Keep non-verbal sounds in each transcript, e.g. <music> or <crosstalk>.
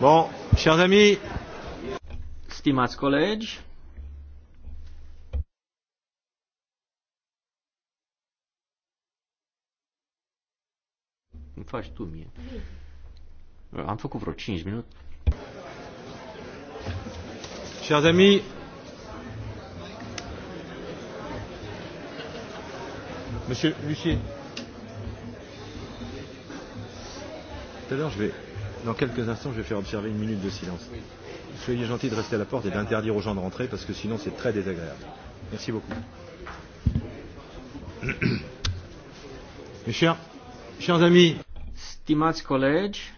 Bon, chers amis. Stimați colegi. Îmi faci tu mie. Am făcut vreo 5 minute. Chers amis, Monsieur Lucien, tout à l'heure je vais Dans quelques instants, je vais faire observer une minute de silence. Soyez gentils de rester à la porte et d'interdire aux gens de rentrer parce que sinon c'est très désagréable. Merci beaucoup. <coughs> Mes chers, chers amis. Stimați colegi,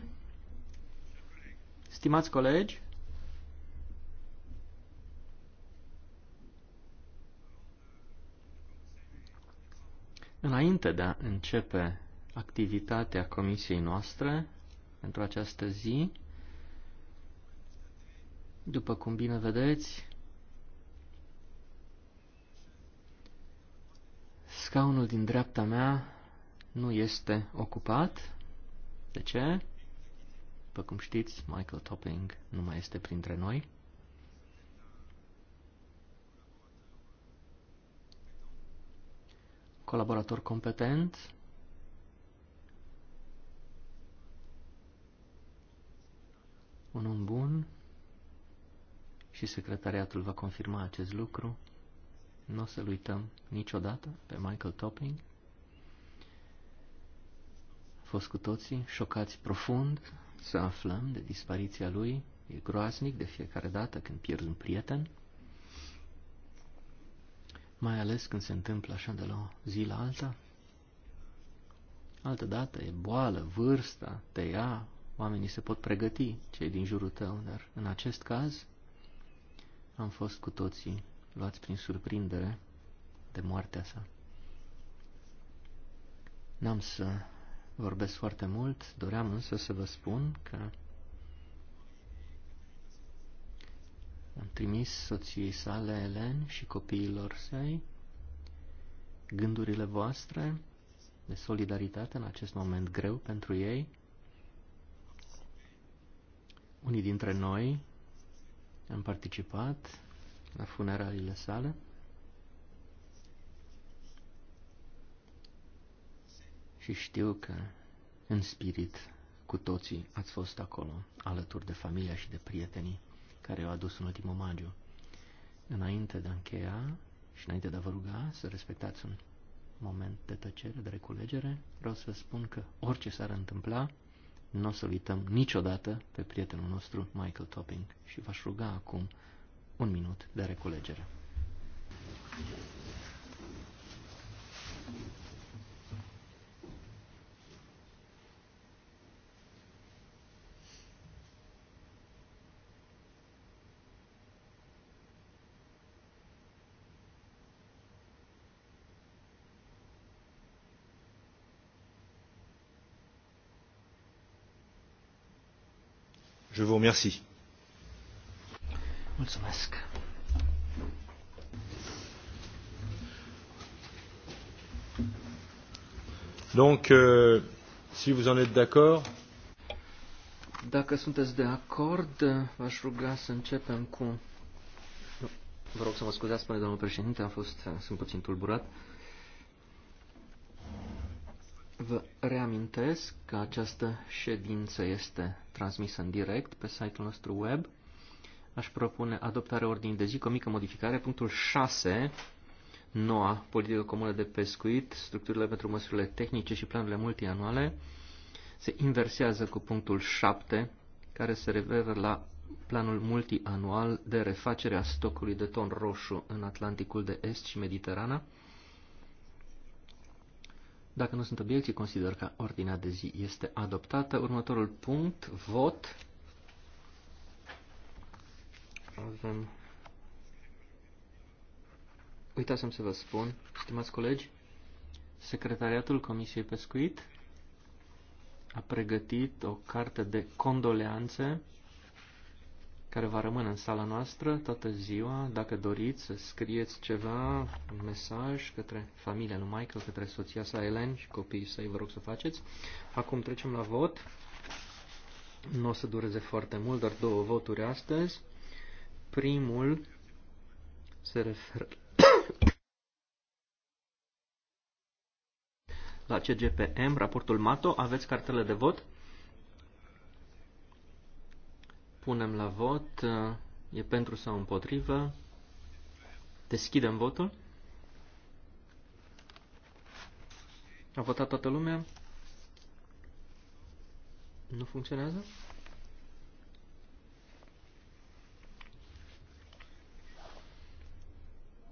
stimați colegi, înainte de a începe activitatea comisiei noastre, pentru această zi. După cum bine vedeți, scaunul din dreapta mea nu este ocupat. De ce? După cum știți, Michael Topping nu mai este printre noi. Colaborator competent, un om bun și secretariatul va confirma acest lucru. Nu o să-l uităm niciodată pe Michael Topping. A fost cu toții șocați profund să aflăm de dispariția lui. E groaznic de fiecare dată când pierzi un prieten. Mai ales când se întâmplă așa de la o zi la alta. Altă dată e boală, vârsta, te ia, oamenii se pot pregăti, cei din jurul tău, dar în acest caz am fost cu toții luați prin surprindere de moartea sa. N-am să vorbesc foarte mult, doream însă să vă spun că am trimis soției sale, Elen, și copiilor săi gândurile voastre de solidaritate în acest moment greu pentru ei, unii dintre noi am participat la funeraliile sale. Și știu că, în spirit, cu toții ați fost acolo, alături de familia și de prietenii care au adus un ultim omagiu. Înainte de a încheia și înainte de a vă ruga să respectați un moment de tăcere, de reculegere, vreau să vă spun că orice s-ar întâmpla, nu o să uităm niciodată pe prietenul nostru Michael Topping și v-aș ruga acum un minut de reculegere. remercie. Mulțumesc. Donc, euh, si vous en êtes d'accord. Dacă sunteți de acord, v-aș ruga să începem cu. Vă rog să mă scuzați, spune domnul președinte, am fost, sunt puțin tulburat. Uh, Vă reamintesc că această ședință este transmisă în direct pe site-ul nostru web. Aș propune adoptarea ordinii de zi cu o mică modificare. Punctul 6, noua politică comună de pescuit, structurile pentru măsurile tehnice și planurile multianuale, se inversează cu punctul 7, care se referă la planul multianual de refacere a stocului de ton roșu în Atlanticul de Est și Mediterana, dacă nu sunt obiecții, consider că ordinea de zi este adoptată. Următorul punct, vot. Avem... Uitați-am să vă spun, stimați colegi, Secretariatul Comisiei Pescuit a pregătit o carte de condoleanțe care va rămâne în sala noastră toată ziua. Dacă doriți să scrieți ceva, un mesaj către familia lui Michael, către soția sa Ellen și copiii săi, vă rog să faceți. Acum trecem la vot. Nu o să dureze foarte mult, doar două voturi astăzi. Primul se referă la CGPM, raportul MATO. Aveți cartele de vot? Punem la vot. E pentru sau împotrivă? Deschidem votul. A votat toată lumea? Nu funcționează?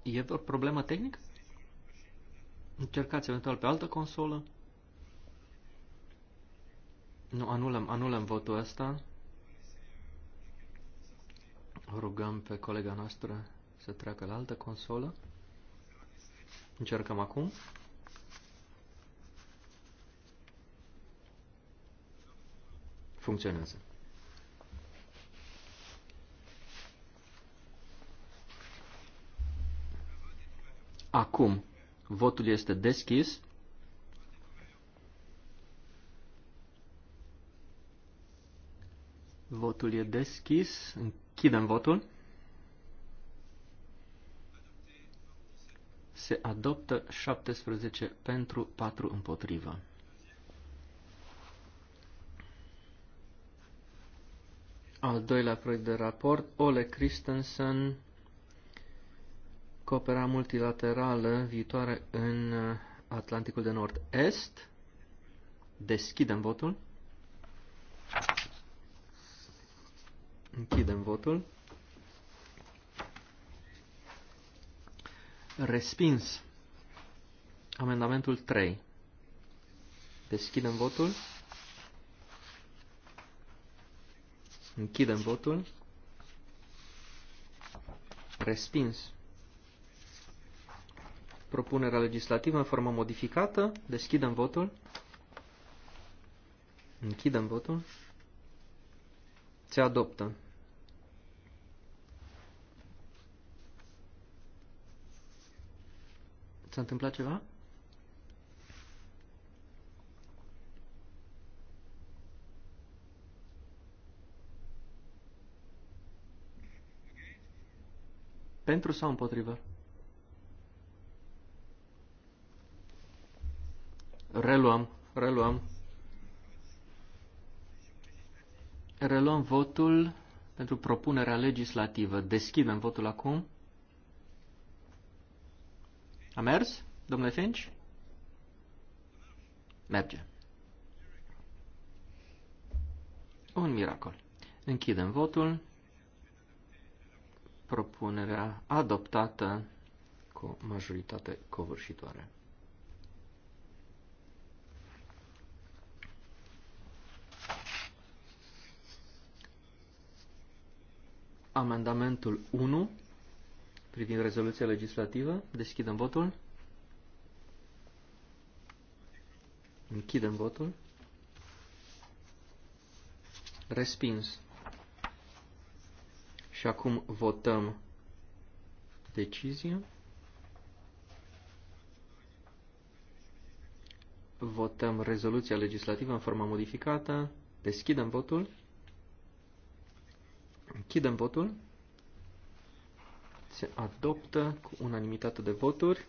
E o problemă tehnică? Încercați eventual pe altă consolă. Nu, anulăm, anulăm votul ăsta rugăm pe colega noastră să treacă la altă consolă. Încercăm acum. Funcționează. Acum, votul este deschis. Votul e deschis. Închidem votul. Se adoptă 17 pentru 4 împotrivă. Al doilea proiect de raport, Ole Christensen, coopera multilaterală viitoare în Atlanticul de Nord-Est. Deschidem votul. Închidem votul. Respins. Amendamentul 3. Deschidem votul. Închidem votul. Respins. Propunerea legislativă în formă modificată. Deschidem votul. Închidem votul. Se adoptă. S-a întâmplat ceva? Pentru sau împotrivă? Reluăm, reluăm. Reluăm votul pentru propunerea legislativă. Deschidem votul acum. A mers, domnule Finch? Merge. Un miracol. Închidem votul. Propunerea adoptată cu majoritate covârșitoare. amendamentul 1 privind rezoluția legislativă. Deschidem votul. Închidem votul. Respins. Și acum votăm decizia. Votăm rezoluția legislativă în forma modificată. Deschidem votul. Închidem votul. Se adoptă cu unanimitate de voturi.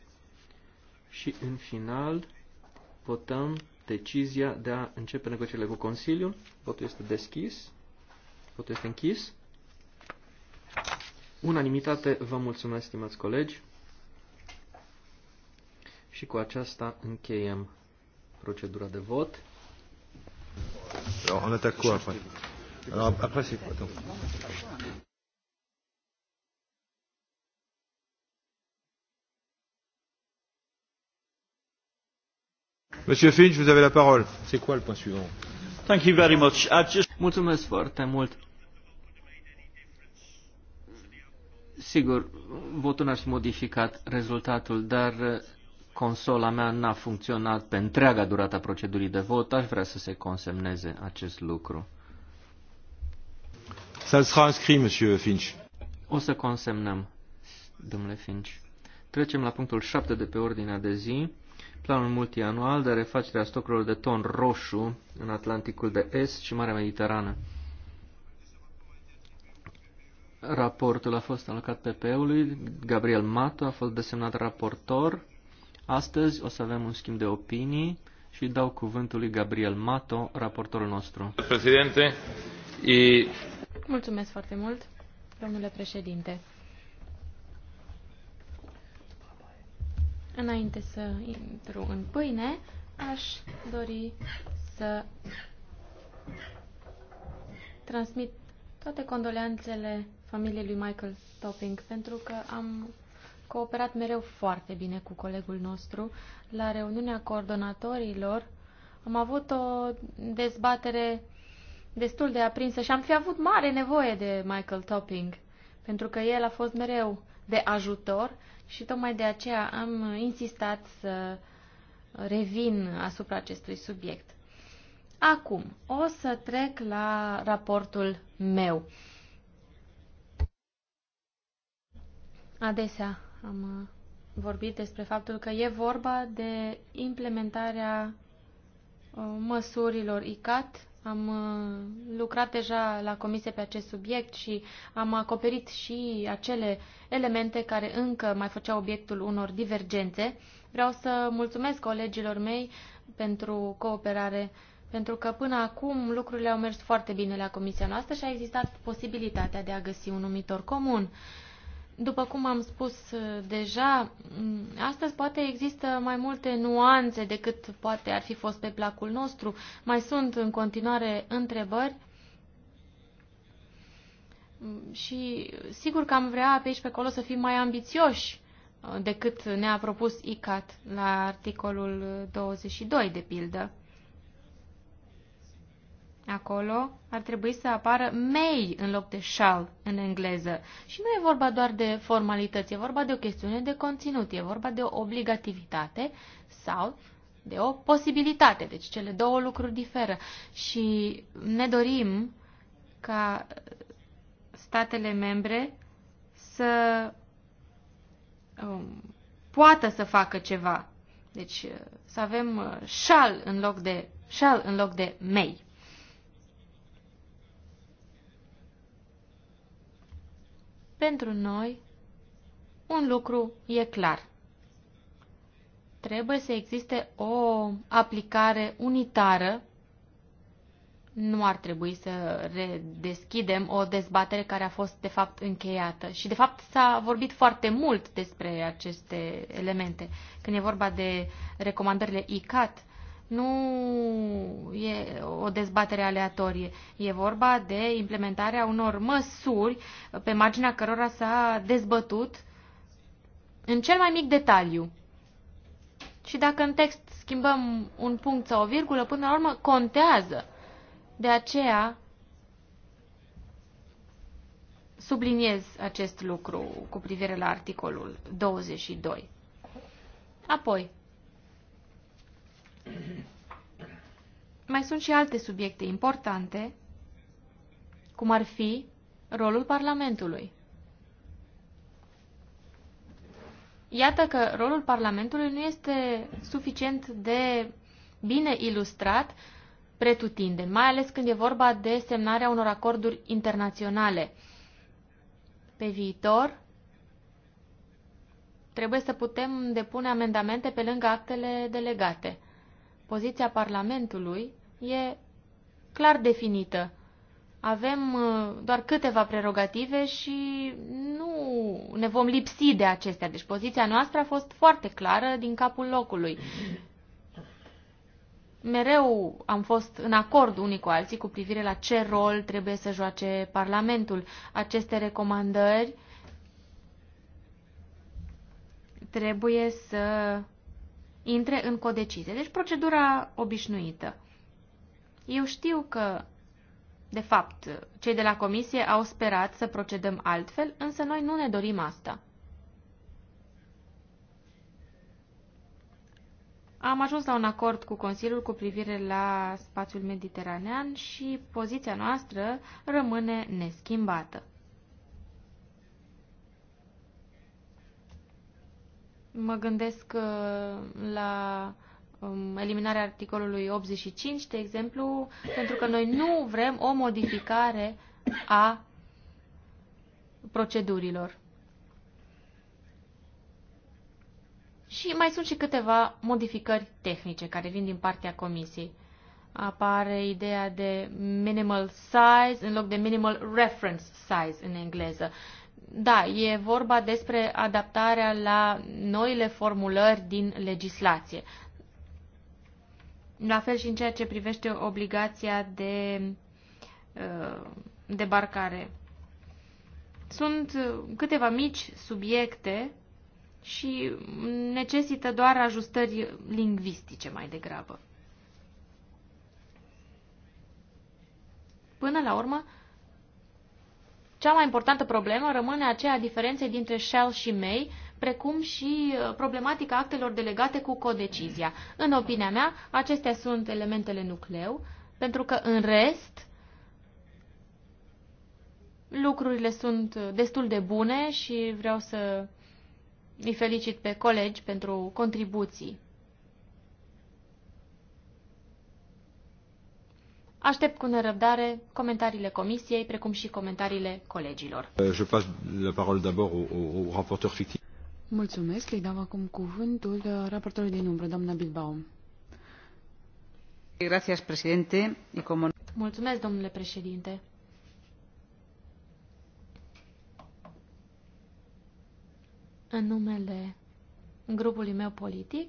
Și în final votăm decizia de a începe negocierile cu Consiliul. Votul este deschis. Votul este închis. Unanimitate, vă mulțumesc, stimați colegi. Și cu aceasta încheiem procedura de vot. Eu, Alors après c'est quoi Monsieur Finch, vous avez la parole. C'est quoi le point suivant Thank you very much. Just... Mulțumesc foarte mult. Sigur, votul n-aș modificat rezultatul, dar uh, consola mea n-a funcționat pe întreaga durata procedurii de vot. Aș vrea să se consemneze acest lucru. Ça sera inscrit, monsieur Finch. O să consemnăm, domnule Finch. Trecem la punctul 7 de pe ordinea de zi, planul multianual de refacere a stocurilor de ton roșu în Atlanticul de Est și Marea Mediterană. Raportul a fost alocat PP-ului, Gabriel Mato a fost desemnat raportor. Astăzi o să avem un schimb de opinii și dau cuvântul lui Gabriel Mato, raportorul nostru. Președinte, și... Mulțumesc foarte mult, domnule președinte. Înainte să intru în pâine, aș dori să transmit toate condoleanțele familiei lui Michael Topping, pentru că am cooperat mereu foarte bine cu colegul nostru. La reuniunea coordonatorilor am avut o dezbatere destul de aprinsă și am fi avut mare nevoie de Michael Topping, pentru că el a fost mereu de ajutor și tocmai de aceea am insistat să revin asupra acestui subiect. Acum, o să trec la raportul meu. Adesea am uh, vorbit despre faptul că e vorba de implementarea uh, măsurilor ICAT am uh, lucrat deja la comisie pe acest subiect și am acoperit și acele elemente care încă mai făceau obiectul unor divergențe. Vreau să mulțumesc colegilor mei pentru cooperare, pentru că până acum lucrurile au mers foarte bine la comisia noastră și a existat posibilitatea de a găsi un numitor comun. După cum am spus uh, deja, mm, astăzi poate există mai multe nuanțe decât poate ar fi fost pe placul nostru. Mai sunt în continuare întrebări mm, și sigur că am vrea pe aici pe acolo să fim mai ambițioși uh, decât ne-a propus ICAT la articolul 22, uh, de pildă. Acolo ar trebui să apară may în loc de shall în engleză. Și nu e vorba doar de formalități, e vorba de o chestiune de conținut, e vorba de o obligativitate sau de o posibilitate. Deci cele două lucruri diferă. Și ne dorim ca statele membre să um, poată să facă ceva. Deci uh, să avem uh, shall în loc de shall în loc de may. Pentru noi, un lucru e clar. Trebuie să existe o aplicare unitară. Nu ar trebui să redeschidem o dezbatere care a fost, de fapt, încheiată. Și, de fapt, s-a vorbit foarte mult despre aceste elemente. Când e vorba de recomandările ICAT, nu e o dezbatere aleatorie. E vorba de implementarea unor măsuri pe marginea cărora s-a dezbătut în cel mai mic detaliu. Și dacă în text schimbăm un punct sau o virgulă, până la urmă contează. De aceea subliniez acest lucru cu privire la articolul 22. Apoi, mai sunt și alte subiecte importante, cum ar fi rolul Parlamentului. Iată că rolul Parlamentului nu este suficient de bine ilustrat pretutinde, mai ales când e vorba de semnarea unor acorduri internaționale. Pe viitor, trebuie să putem depune amendamente pe lângă actele delegate. Poziția Parlamentului e clar definită. Avem uh, doar câteva prerogative și nu ne vom lipsi de acestea. Deci poziția noastră a fost foarte clară din capul locului. Mereu am fost în acord unii cu alții cu privire la ce rol trebuie să joace Parlamentul. Aceste recomandări trebuie să intre în codecizie. Deci procedura obișnuită. Eu știu că, de fapt, cei de la comisie au sperat să procedăm altfel, însă noi nu ne dorim asta. Am ajuns la un acord cu Consiliul cu privire la spațiul mediteranean și poziția noastră rămâne neschimbată. Mă gândesc uh, la um, eliminarea articolului 85, de exemplu, pentru că noi nu vrem o modificare a procedurilor. Și mai sunt și câteva modificări tehnice care vin din partea comisiei. Apare ideea de minimal size în loc de minimal reference size în engleză da, e vorba despre adaptarea la noile formulări din legislație. La fel și în ceea ce privește obligația de uh, debarcare. Sunt câteva mici subiecte și necesită doar ajustări lingvistice mai degrabă. Până la urmă, cea mai importantă problemă rămâne aceea diferenței dintre Shell și may, precum și uh, problematica actelor delegate cu codecizia. În opinia mea, acestea sunt elementele nucleu, pentru că în rest lucrurile sunt uh, destul de bune și vreau să îi felicit pe colegi pentru contribuții. Aștept cu nerăbdare comentariile comisiei, precum și comentariile colegilor. Euh, je passe la parole d'abord au, au, au rapporteur fictiv. Mulțumesc. Îi dau acum cuvântul uh, raportorului din umbră, doamna Bilbao. Gracias, presidente. Mulțumesc, domnule președinte. În numele grupului meu politic,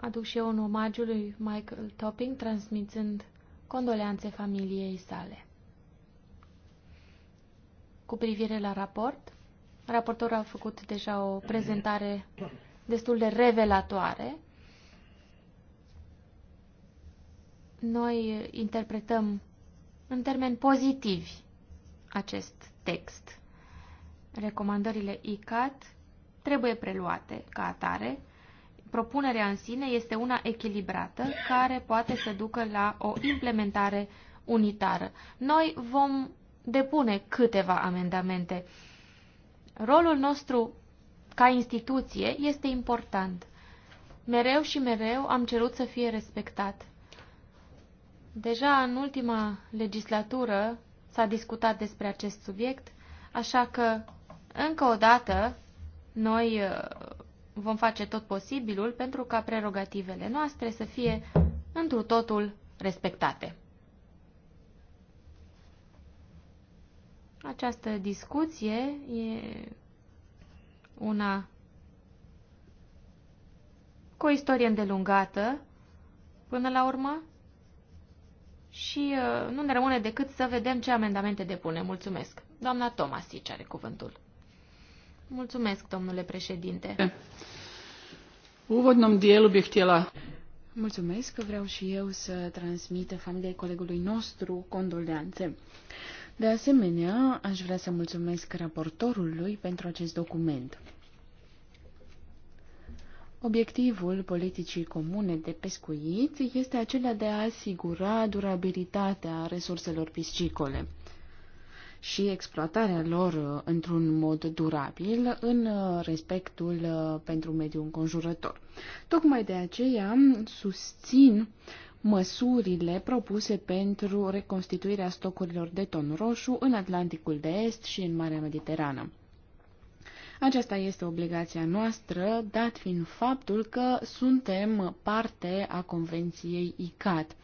aduc și eu un omagiu lui Michael Topping, transmițând condoleanțe familiei sale. Cu privire la raport, raportorul a făcut deja o prezentare destul de revelatoare. Noi interpretăm în termeni pozitivi acest text. Recomandările ICAT trebuie preluate ca atare propunerea în sine este una echilibrată care poate să ducă la o implementare unitară. Noi vom depune câteva amendamente. Rolul nostru ca instituție este important. Mereu și mereu am cerut să fie respectat. Deja în ultima legislatură s-a discutat despre acest subiect, așa că, încă o dată, noi uh, vom face tot posibilul pentru ca prerogativele noastre să fie întru totul respectate. Această discuție e una cu o istorie îndelungată până la urmă și uh, nu ne rămâne decât să vedem ce amendamente depune. Mulțumesc. Doamna Tomasici are cuvântul. Mulțumesc, domnule președinte. Uvodnom dielu bih htjela... Mulțumesc, că vreau și eu să transmit familiei colegului nostru condoleanțe. De asemenea, aș vrea să mulțumesc raportorului pentru acest document. Obiectivul politicii comune de pescuit este acela de a asigura durabilitatea resurselor piscicole și exploatarea lor uh, într-un mod durabil în uh, respectul uh, pentru mediul înconjurător. Tocmai de aceea susțin măsurile propuse pentru reconstituirea stocurilor de ton roșu în Atlanticul de Est și în Marea Mediterană. Aceasta este obligația noastră, dat fiind faptul că suntem parte a Convenției ICAT.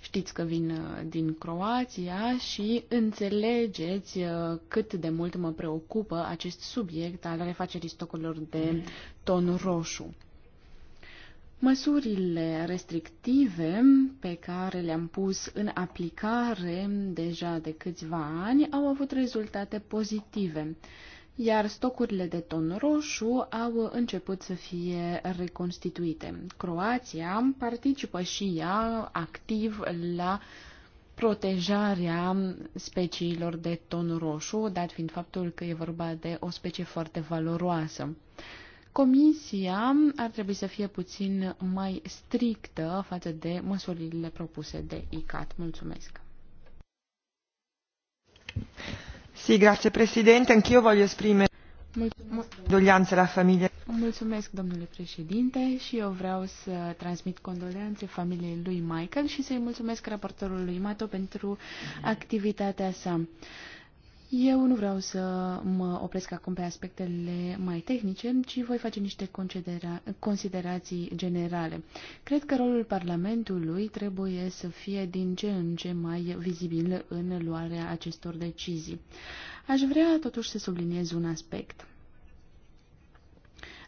Știți că vin uh, din Croația și înțelegeți uh, cât de mult mă preocupă acest subiect al refacerii stocurilor de ton roșu. Măsurile restrictive pe care le-am pus în aplicare deja de câțiva ani au avut rezultate pozitive iar stocurile de ton roșu au început să fie reconstituite. Croația participă și ea activ la protejarea speciilor de ton roșu, dat fiind faptul că e vorba de o specie foarte valoroasă. Comisia ar trebui să fie puțin mai strictă față de măsurile propuse de ICAT. Mulțumesc! Grazie Presidente, anch'io voglio esprimere Mulțumesc, domnule președinte, și eu vreau să transmit condoleanțe familiei lui Michael și să-i mulțumesc raportorului Mato pentru activitatea sa. Uh, eu nu vreau să mă opresc acum pe aspectele mai tehnice, ci voi face niște considerații generale. Cred că rolul Parlamentului trebuie să fie din ce în ce mai vizibil în luarea acestor decizii. Aș vrea totuși să subliniez un aspect.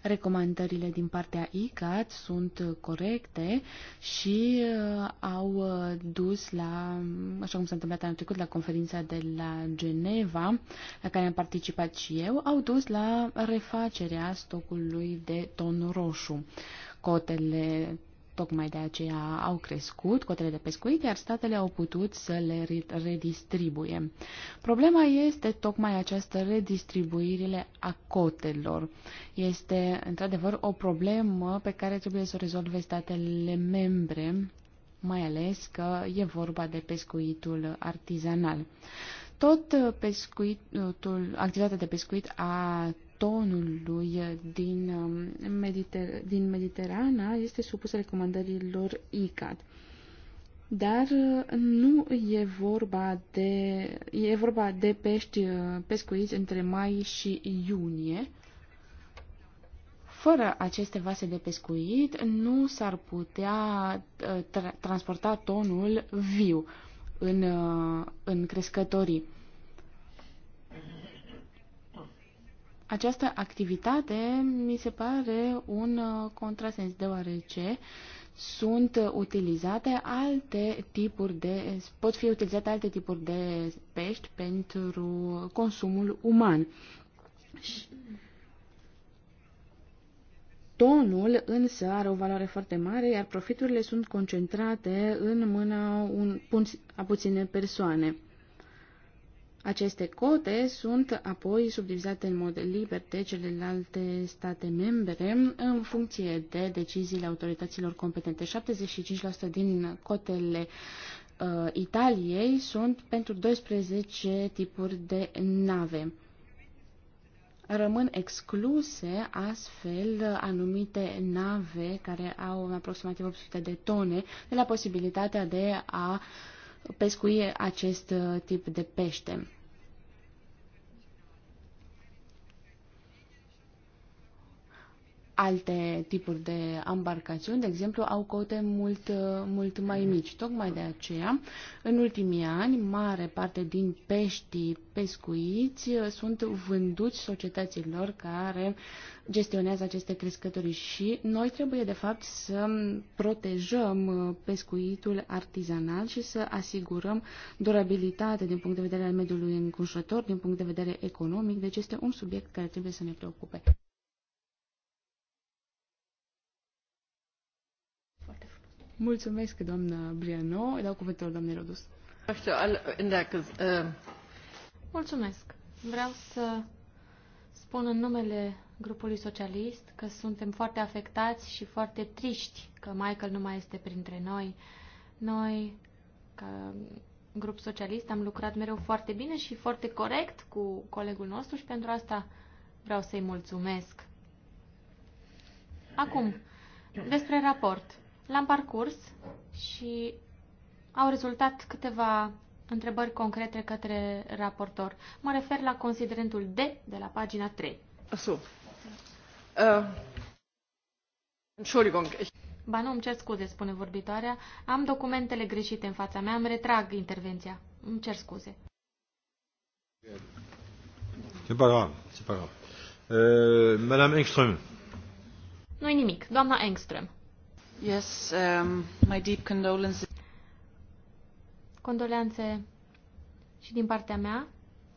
Recomandările din partea ICAT sunt corecte și uh, au uh, dus la, așa cum s-a întâmplat anul trecut la conferința de la Geneva, la care am participat și eu, au dus la refacerea stocului de ton roșu. Cotele Tocmai de aceea au crescut cotele de pescuit, iar statele au putut să le redistribuie. Problema este tocmai această redistribuirile a cotelor. Este, într-adevăr, o problemă pe care trebuie să o rezolve statele membre, mai ales că e vorba de pescuitul artizanal. Tot pescuitul, activitatea de pescuit a tonului din, um, Mediter- din Mediterana este supus recomandărilor ICAD, Dar uh, nu e vorba de, e vorba de pești uh, pescuiți între mai și iunie. Fără aceste vase de pescuit nu s-ar putea uh, tra- transporta tonul viu în, în crescătorii. Această activitate mi se pare un uh, contrasens, deoarece sunt utilizate alte tipuri de, pot fi utilizate alte tipuri de pești pentru consumul uman. Și tonul însă are o valoare foarte mare, iar profiturile sunt concentrate în mâna un, a puține persoane. Aceste cote sunt apoi subdivizate în mod liber de celelalte state membre în funcție de deciziile autorităților competente. 75% din cotele uh, Italiei sunt pentru 12 tipuri de nave. Rămân excluse astfel anumite nave care au aproximativ 800 de tone de la posibilitatea de a uh, pescuie acest uh, tip de pește. Alte tipuri de ambarcațiuni, de exemplu, au cote mult, mult mai mici. Tocmai de aceea, în ultimii ani, mare parte din peștii pescuiți sunt vânduți societăților care gestionează aceste crescători și noi trebuie, de fapt, să protejăm pescuitul artizanal și să asigurăm durabilitate din punct de vedere al mediului înconjurător, din punct de vedere economic, deci este un subiect care trebuie să ne preocupe. Mulțumesc, doamna Briano. Îi dau cuvântul doamnei Rodus. Mulțumesc. Vreau să spun în numele grupului socialist că suntem foarte afectați și foarte triști că Michael nu mai este printre noi. Noi, ca grup socialist, am lucrat mereu foarte bine și foarte corect cu colegul nostru și pentru asta vreau să-i mulțumesc. Acum, despre raport. L-am parcurs și au rezultat câteva întrebări concrete către raportor. Mă refer la considerentul D de la pagina 3. Su. Uh. Ba nu, îmi cer scuze, spune vorbitoarea. Am documentele greșite în fața mea, îmi retrag intervenția. Îmi cer scuze. Ce pas grave, c'est äh, Madame Engström. Nu-i nimic, doamna Engström. Um, deep condolences. Condoleanțe și din partea mea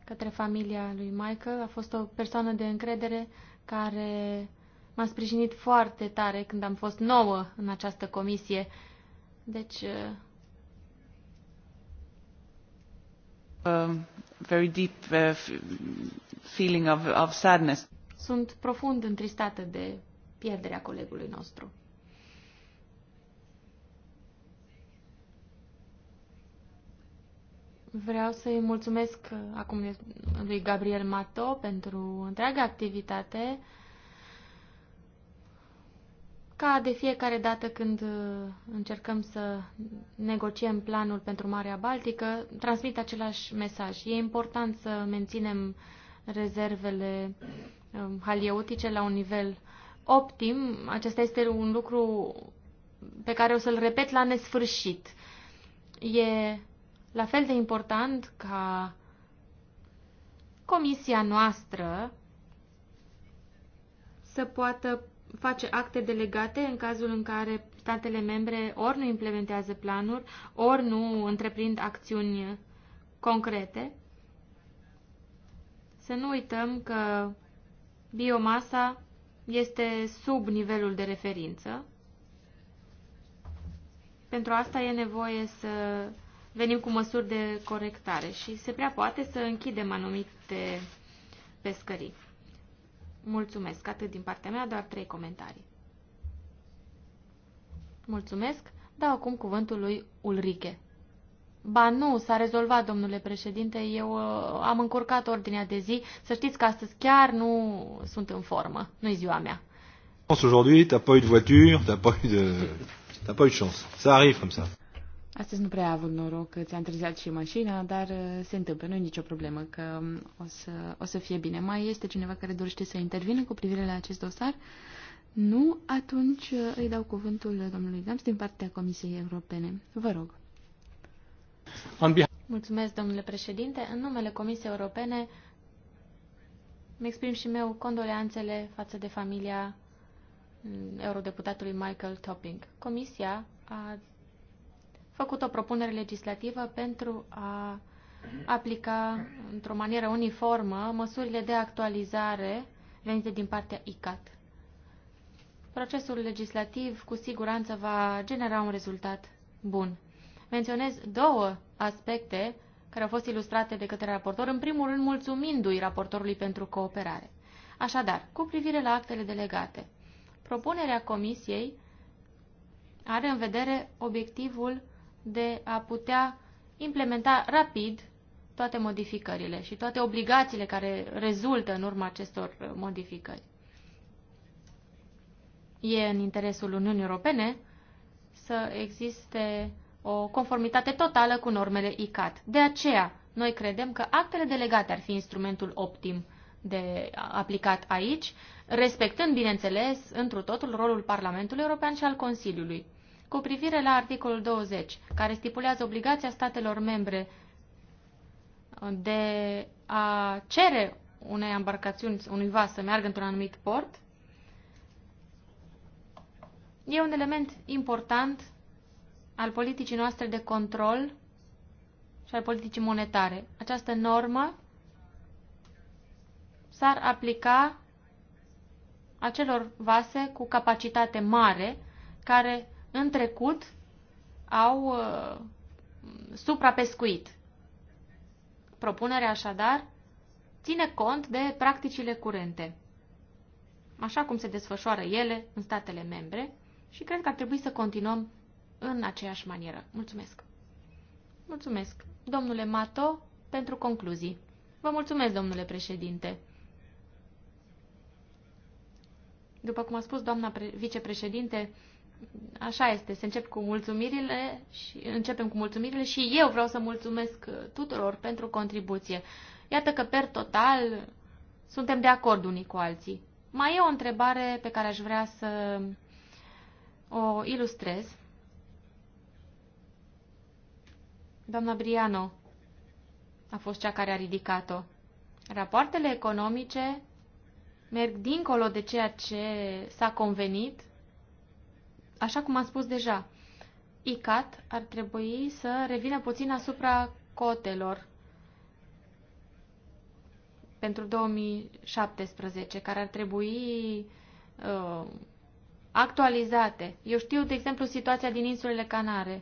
către familia lui Michael. A fost o persoană de încredere care m-a sprijinit foarte tare când am fost nouă în această comisie. Deci... Uh, um, very deep uh, feeling of, of sadness. Sunt profund întristată de pierderea colegului nostru. Vreau să-i mulțumesc uh, acum lui Gabriel Mato pentru întreaga activitate. Ca de fiecare dată când uh, încercăm să negociem planul pentru Marea Baltică, transmit același mesaj. E important să menținem rezervele um, halieutice la un nivel optim. Acesta este un lucru pe care o să-l repet la nesfârșit. E la fel de important ca comisia noastră să poată face acte delegate în cazul în care statele membre ori nu implementează planuri, ori nu întreprind acțiuni concrete. Să nu uităm că biomasa este sub nivelul de referință. Pentru asta e nevoie să venim cu măsuri de corectare și se prea poate să închidem anumite pescării. Mulțumesc. Atât din partea mea, doar trei comentarii. Mulțumesc. Dau acum cuvântul lui Ulrike. Ba nu, s-a rezolvat, domnule președinte, eu uh, am încurcat ordinea de zi. Să știți că astăzi chiar nu sunt în formă, nu-i ziua mea. Aujourd'hui, t'as pas eu de voiture, t'as pas eu de... T'as pas eu de chance. Ça arrive comme ça. Astăzi nu prea a avut noroc că ți-a întârziat și mașina, dar uh, se întâmplă, nu e nicio problemă că um, o să, o să fie bine. Mai este cineva care dorește să intervine cu privire la acest dosar? Nu? Atunci uh, îi dau cuvântul domnului Gams din partea Comisiei Europene. Vă rog. Mulțumesc, domnule președinte. În numele Comisiei Europene îmi exprim și meu condoleanțele față de familia mm, eurodeputatului Michael Topping. Comisia a făcut o propunere legislativă pentru a aplica într-o manieră uniformă măsurile de actualizare venite din partea ICAT. Procesul legislativ cu siguranță va genera un rezultat bun. Menționez două aspecte care au fost ilustrate de către raportor, în primul rând mulțumindu-i raportorului pentru cooperare. Așadar, cu privire la actele delegate, propunerea Comisiei are în vedere obiectivul de a putea implementa rapid toate modificările și toate obligațiile care rezultă în urma acestor uh, modificări. E în interesul Uniunii Europene să existe o conformitate totală cu normele ICAT. De aceea, noi credem că actele delegate ar fi instrumentul optim de aplicat aici, respectând, bineînțeles, întru totul rolul Parlamentului European și al Consiliului cu privire la articolul 20, care stipulează obligația statelor membre de a cere unei embarcațiuni, unui vas să meargă într-un anumit port, e un element important al politicii noastre de control și al politicii monetare. Această normă s-ar aplica acelor vase cu capacitate mare care în trecut au uh, suprapescuit. Propunerea așadar ține cont de practicile curente, așa cum se desfășoară ele în statele membre și cred că ar trebui să continuăm în aceeași manieră. Mulțumesc! Mulțumesc, domnule Mato, pentru concluzii. Vă mulțumesc, domnule președinte. După cum a spus doamna vicepreședinte, așa este, se încep cu mulțumirile și începem cu mulțumirile și eu vreau să mulțumesc tuturor pentru contribuție. Iată că per total suntem de acord unii cu alții. Mai e o întrebare pe care aș vrea să o ilustrez. Doamna Briano a fost cea care a ridicat-o. Rapoartele economice merg dincolo de ceea ce s-a convenit Așa cum am spus deja, ICAT ar trebui să revină puțin asupra cotelor pentru 2017, care ar trebui uh, actualizate. Eu știu, de exemplu, situația din insulele Canare,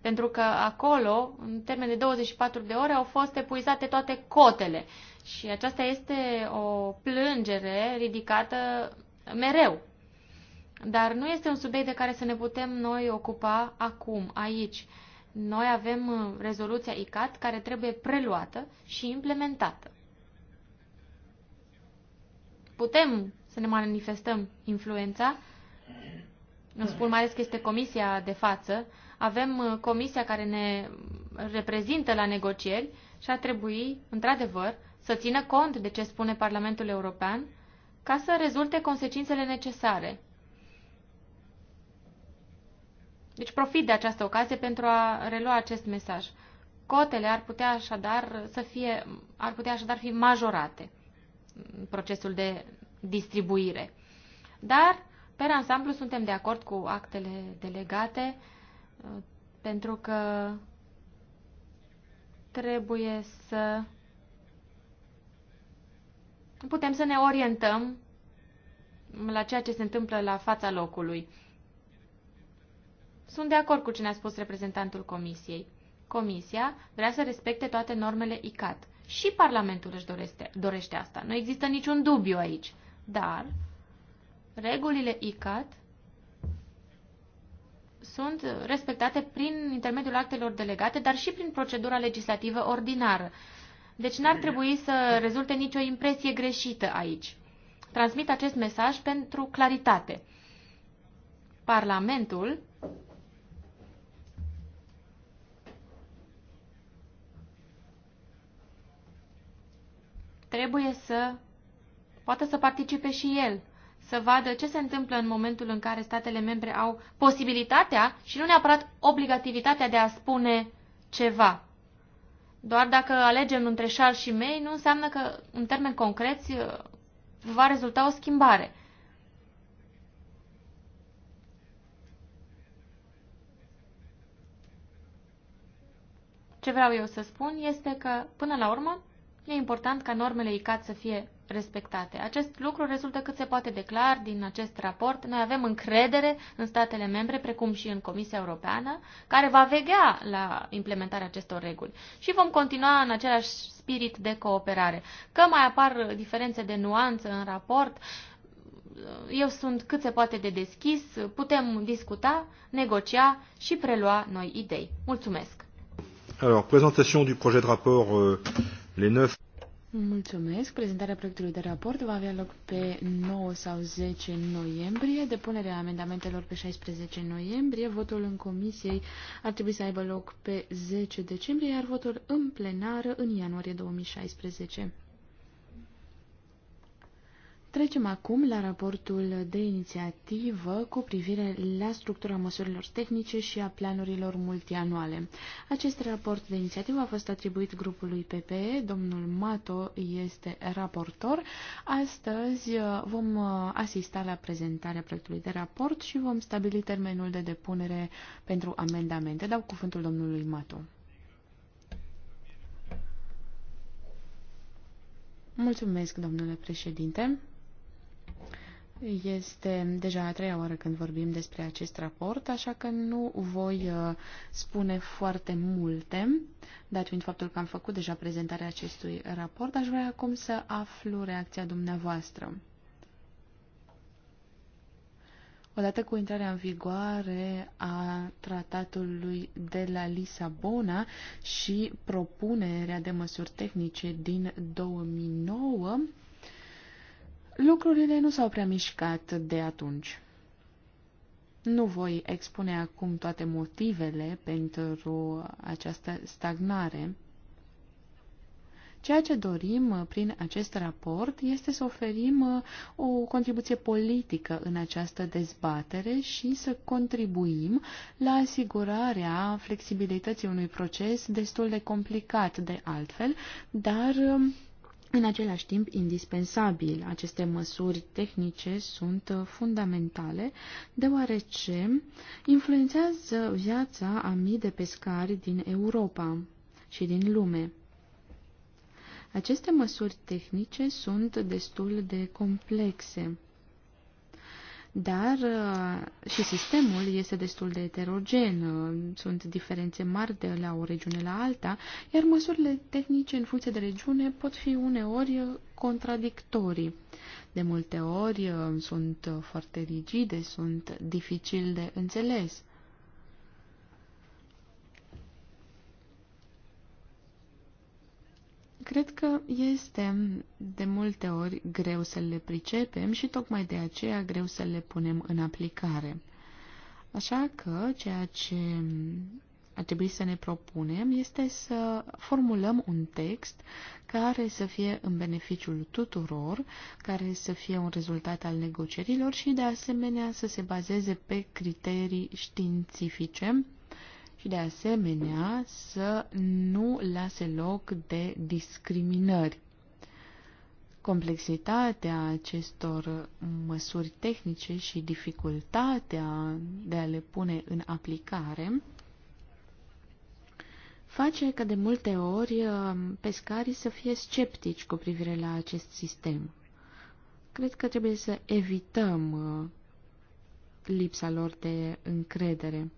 pentru că acolo, în termen de 24 de ore, au fost epuizate toate cotele. Și aceasta este o plângere ridicată mereu dar nu este un subiect de care să ne putem noi ocupa acum, aici. Noi avem uh, rezoluția ICAT care trebuie preluată și implementată. Putem să ne manifestăm influența, îmi spun mai ales că este comisia de față, avem uh, comisia care ne reprezintă la negocieri și ar trebui, într-adevăr, să țină cont de ce spune Parlamentul European ca să rezulte consecințele necesare. Deci profit de această ocazie pentru a relua acest mesaj. Cotele ar putea așadar să fie, ar putea așadar fi majorate în procesul de distribuire. Dar, pe ansamblu, suntem de acord cu actele delegate uh, pentru că trebuie să putem să ne orientăm la ceea ce se întâmplă la fața locului. Sunt de acord cu ce ne-a spus reprezentantul Comisiei. Comisia vrea să respecte toate normele ICAT. Și Parlamentul își dorește, dorește asta. Nu există niciun dubiu aici. Dar regulile ICAT sunt respectate prin intermediul actelor delegate, dar și prin procedura legislativă ordinară. Deci n-ar trebui să rezulte nicio impresie greșită aici. Transmit acest mesaj pentru claritate. Parlamentul trebuie să poată să participe și el, să vadă ce se întâmplă în momentul în care statele membre au posibilitatea și nu neapărat obligativitatea de a spune ceva. Doar dacă alegem între șal și mei, nu înseamnă că, în termeni concreți, va rezulta o schimbare. Ce vreau eu să spun este că, până la urmă, e important ca normele ICAT să fie respectate. Acest lucru rezultă cât se poate declar din acest raport. Noi avem încredere în statele membre, precum și în Comisia Europeană, care va vegea la implementarea acestor reguli. Și vom continua în același spirit de cooperare. Că mai apar diferențe de nuanță în raport, eu sunt cât se poate de deschis, putem discuta, negocia și prelua noi idei. Mulțumesc! Alors, présentation du projet de rapport euh, Les 9... Mulțumesc. Prezentarea proiectului de raport va avea loc pe 9 sau 10 noiembrie. Depunerea amendamentelor pe 16 noiembrie. Votul în comisiei ar trebui să aibă loc pe 10 decembrie, iar votul în plenară în ianuarie 2016. Trecem acum la raportul de inițiativă cu privire la structura măsurilor tehnice și a planurilor multianuale. Acest raport de inițiativă a fost atribuit grupului PPE, domnul Mato este raportor. Astăzi uh, vom uh, asista la prezentarea proiectului de raport și vom stabili termenul de depunere pentru amendamente. Dau cuvântul domnului Mato. Mulțumesc, domnule președinte. Este deja a treia oară când vorbim despre acest raport, așa că nu voi uh, spune foarte multe, dat fiind faptul că am făcut deja prezentarea acestui raport, aș vrea acum să aflu reacția dumneavoastră. Odată cu intrarea în vigoare a tratatului de la Lisabona și propunerea de măsuri tehnice din 2009, Lucrurile nu s-au prea mișcat de atunci. Nu voi expune acum toate motivele pentru această stagnare. Ceea ce dorim prin acest raport este să oferim o contribuție politică în această dezbatere și să contribuim la asigurarea flexibilității unui proces destul de complicat de altfel, dar în același timp, indispensabil, aceste măsuri tehnice sunt uh, fundamentale, deoarece influențează viața a mii de pescari din Europa și din lume. Aceste măsuri tehnice sunt destul de complexe dar uh, și sistemul este destul de heterogen, uh, sunt diferențe mari de la o regiune la alta, iar măsurile tehnice în funcție de regiune pot fi uneori contradictorii. De multe ori uh, sunt foarte rigide, sunt dificil de înțeles. Cred că este de multe ori greu să le pricepem și tocmai de aceea greu să le punem în aplicare. Așa că ceea ce ar trebui să ne propunem este să formulăm un text care să fie în beneficiul tuturor, care să fie un rezultat al negocierilor și de asemenea să se bazeze pe criterii științifice și de asemenea să nu lase loc de discriminări. Complexitatea acestor măsuri tehnice și dificultatea de a le pune în aplicare face ca de multe ori uh, pescarii să fie sceptici cu privire la acest sistem. Cred că trebuie să evităm uh, lipsa lor de încredere.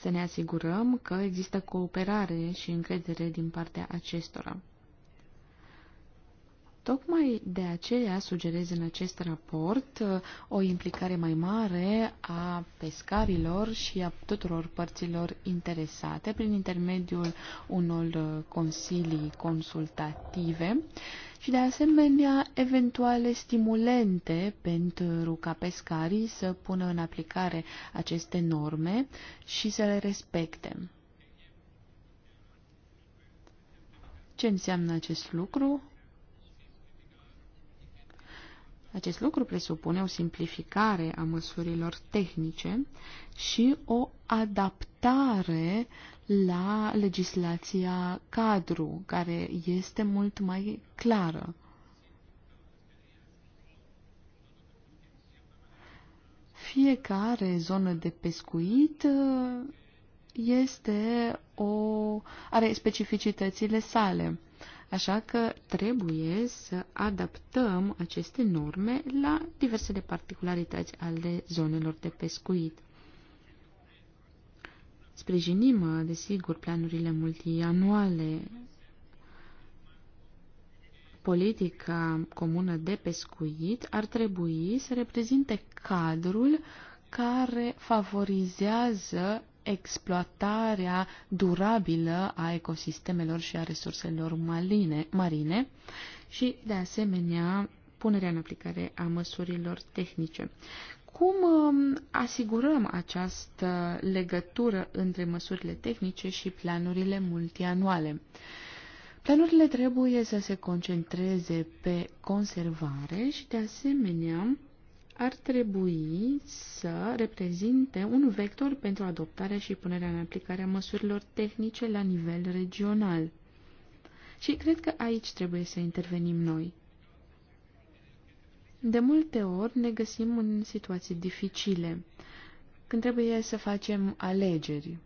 să ne asigurăm că există cooperare și încredere din partea acestora. Tocmai de aceea sugerez în acest raport uh, o implicare mai mare a pescarilor și a tuturor părților interesate prin intermediul unor uh, consilii consultative și de asemenea eventuale stimulente pentru ca pescarii să pună în aplicare aceste norme și să le respecte. Ce înseamnă acest lucru? Acest lucru presupune o simplificare a măsurilor tehnice și o adaptare la legislația cadru, care este mult mai clară. Fiecare zonă de pescuit uh, este o, are specificitățile sale. Așa că trebuie să adaptăm aceste norme la diversele particularități ale zonelor de pescuit. Sprijinim, uh, desigur, planurile multianuale, politica comună de pescuit ar trebui să reprezinte cadrul care favorizează exploatarea durabilă a ecosistemelor și a resurselor maline, marine și, de asemenea, punerea în aplicare a măsurilor tehnice. Cum um, asigurăm această legătură între măsurile tehnice și planurile multianuale? Planurile trebuie să se concentreze pe conservare și, de asemenea, ar trebui să reprezinte un vector pentru adoptarea și punerea în aplicare a măsurilor tehnice la nivel regional. Și cred că aici trebuie să intervenim noi. De multe ori ne găsim în situații dificile, când trebuie să facem alegeri.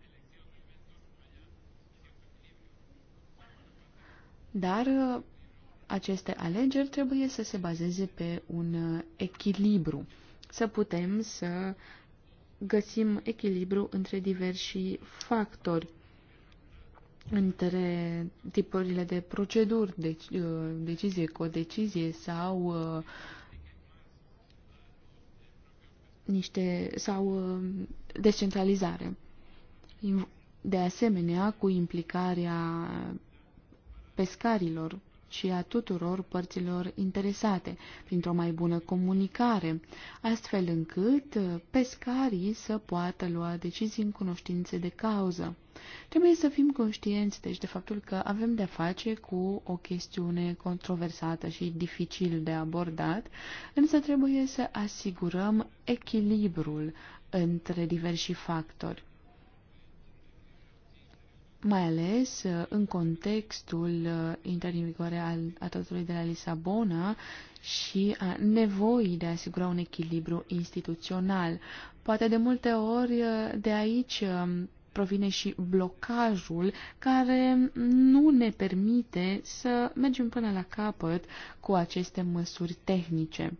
Dar uh, aceste alegeri trebuie să se bazeze pe un uh, echilibru, să putem să găsim echilibru între diversi factori, între tipurile de proceduri, deci, uh, decizie, codecizie sau uh, niște sau uh, descentralizare. De asemenea, cu implicarea pescarilor și a tuturor părților interesate, printr-o mai bună comunicare, astfel încât uh, pescarii să poată lua decizii în cunoștințe de cauză. Trebuie să fim conștienți, deci, de faptul că avem de-a face cu o chestiune controversată și dificil de abordat, însă trebuie să asigurăm echilibrul între diversi factori mai ales uh, în contextul uh, intrării în vigoare al tratatului de la Lisabona și a nevoii de a asigura un echilibru instituțional. Poate de multe ori uh, de aici um, provine și blocajul care nu ne permite să mergem până la capăt cu aceste măsuri tehnice.